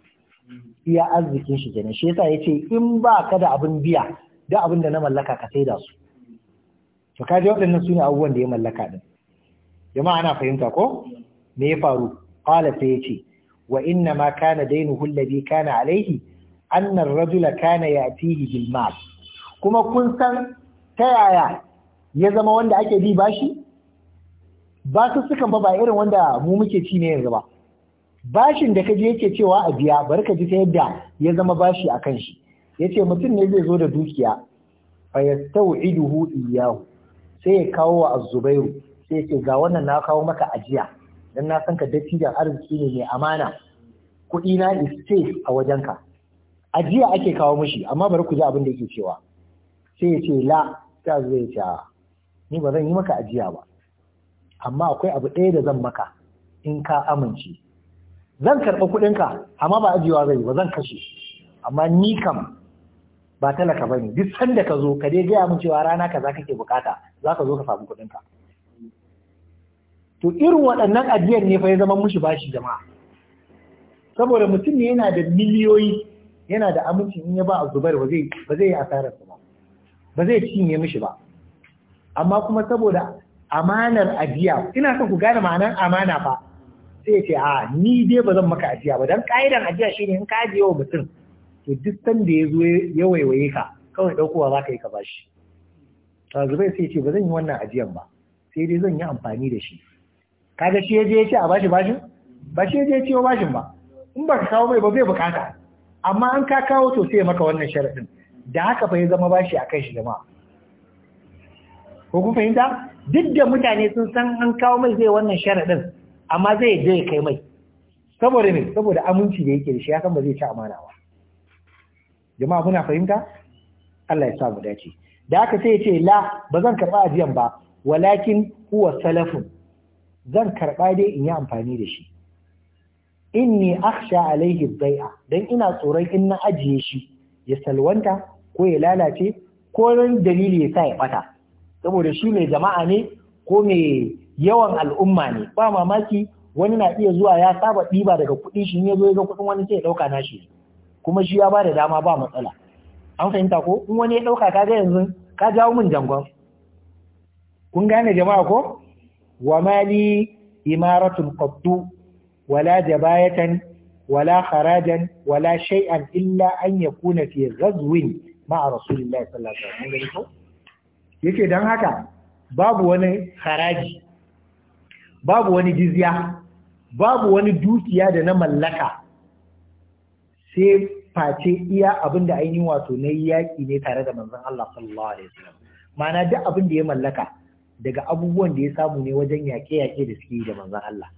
Speaker 1: iya arzikin shi kenan shi yasa ce in ba ka da abin biya da abin da na mallaka ka saida su to kaje waɗannan sune abubuwan da ya mallaka din jama'a ana fahimta ko me ya faru qala sai yace wa inna ma kana dainuhu alladhi kana alaihi anna ar-rajula kana ya'tihi bil mal kuma kun san ta yaya ya zama wanda ake bi bashi ba su sukan ba irin wanda mu muke ci ne yanzu ba bashin da kaje yake cewa a biya bari ka ji ta yadda ya zama bashi a kan shi yace mutum ne zai zo da dukiya fa yastawiduhu iyahu sai ya kawo wa azubairu sai ya ce ga wannan na kawo maka ajiya dan na san ka dattijan arziki ne mai amana kuɗi na is safe a wajenka ajiya ake kawo mishi amma bari ku ji abin da yake cewa sai ya ce la sai zai ce ni ba zan yi maka ajiya ba amma akwai abu ɗaya da zan maka in ka amince zan karɓi kuɗinka amma ba ajiyewa zai ba zan kashe amma ni kam ba talaka bane duk sanda ka zo ka dai gaya min cewa rana kaza kake bukata za ka zo ka samu kuɗinka to irin waɗannan ajiyar ne fa ya zama mushi bashi jama'a saboda mutum ne yana da miliyoyi yana da aminci in ya ba a zubar ba zai yi asarar ba ba zai cinye mishi ba amma kuma saboda amanar ajiya ina son ku gane ma'anar amana fa sai ce a ni dai ba zan maka ajiya ba dan ka'idan ajiya shine in ka ajiye wa mutum to duk san da ya zo ya waiwaye ka kawai ɗaukowa za ka yi ka bashi to zubai sai ce ba zan yi wannan ajiyan ba sai dai zan yi amfani da shi kaga shi ya je ya ce a bashi bashin ba shi ya je ya ce bashin ba in ba ka kawo mai ba zai bukata amma an ka kawo to sai maka wannan sharaɗin da haka fa ya zama bashi a kan shi jama'a ko kun fahimta duk da mutane sun san an kawo mai zai wannan sharaɗin amma zai je ya kai mai saboda ne saboda aminci da yake da shi ya ba zai ci amana ba jama'a muna fahimta Allah ya sa mu dace da haka sai ya ce la ba zan karɓa ajiyan ba walakin huwa salafun zan karɓa dai in yi amfani da shi inni akhsha alaihi bai'a dan ina tsoron in na ajiye shi ya salwanta ko ya lalace ko ran dalili ya sa ya bata saboda shi mai jama'a ne ko mai yawan al'umma ne ba mamaki wani na iya zuwa ya saba ɗiba daga kuɗi shi ya zo ya ga kuɗin wani sai ya ɗauka na shi. kuma shi ya ba da dama ba matsala an fahimta ko in wani ya ɗauka ka ga yanzu ka jawo min jangon kun gane jama'a ko wa mali imaratun qaddu wala jabayatan wala kharajan wala shay'an illa an yakuna fi ghazwin ma'a rasulillahi sallallahu alaihi wasallam Yake dan haka babu wani haraji babu wani jizya babu wani dukiya da na mallaka sai face iya abin da ainihin wato na yaƙi ne tare da manzon Allah sallallahu alaihi wasallam ma'ana duk abin da ya mallaka daga abubuwan da ya samu ne wajen yaƙe-yaƙe da suke yi da manzon Allah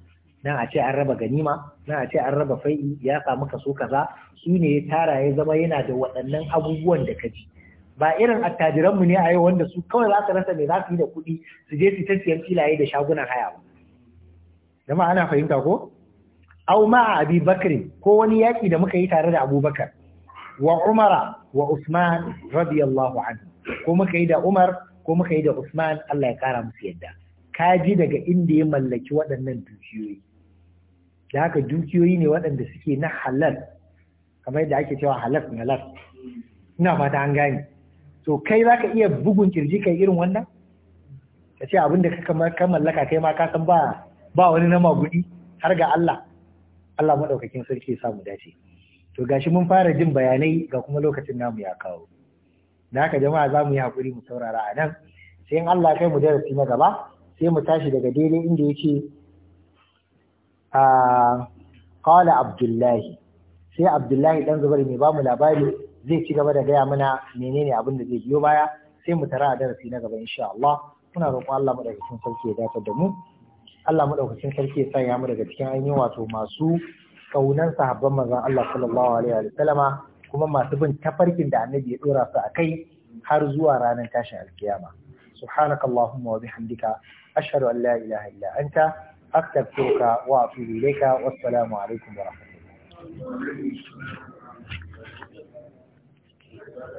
Speaker 1: nan a ce an raba ganima nan a ce an raba fai'i ya samu kaso kaza su ya tara ya zama yana da waɗannan abubuwan da kaji ba irin attajiran mu ne a yau wanda su kawai za su rasa mai za su yi da kuɗi su je su ta siyan filaye da shagunan haya ba dama ana fahimta ko au ma abi bakrin ko wani yaƙi da muka yi tare da abubakar wa umara wa usman radiyallahu anhu ko muka yi da umar ko muka yi da usman Allah ya kara musu yadda ka ji daga inda ya mallaki waɗannan dukiyoyi da haka dukiyoyi ne waɗanda suke na halal kamar yadda ake cewa halal na halal ina fata an gane to kai za ka iya bugun kirji kai irin wannan ka ce abin da ka mallaka kai ma ka san ba wani na magudi har ga Allah Allah maɗaukakin sarki ya samu dace to gashi mun fara jin bayanai ga kuma lokacin namu ya kawo da haka jama'a za mu yi hakuri mu saurara a nan sai in Allah kai mu darasi na gaba sai mu tashi daga daidai inda ya ce ah, a abdullahi sai abdullahi ɗan zubar mai ba mu labari zai ci gaba da gaya mana menene abin da zai biyo baya sai mu tara a darasi na gaba insha Allah muna roƙon Allah madaukakin sarki ya dace da mu Allah madaukakin sarki ya sanya mu daga cikin ainihin wato masu kaunan sahabban manzon Allah sallallahu alaihi wa sallama kuma masu bin tafarkin da annabi ya dora su akai har zuwa ranar tashin alkiyama subhanakallahumma wa bihamdika ashhadu an la ilaha illa anta أكتب توكا إليك والسلام عليكم ورحمة الله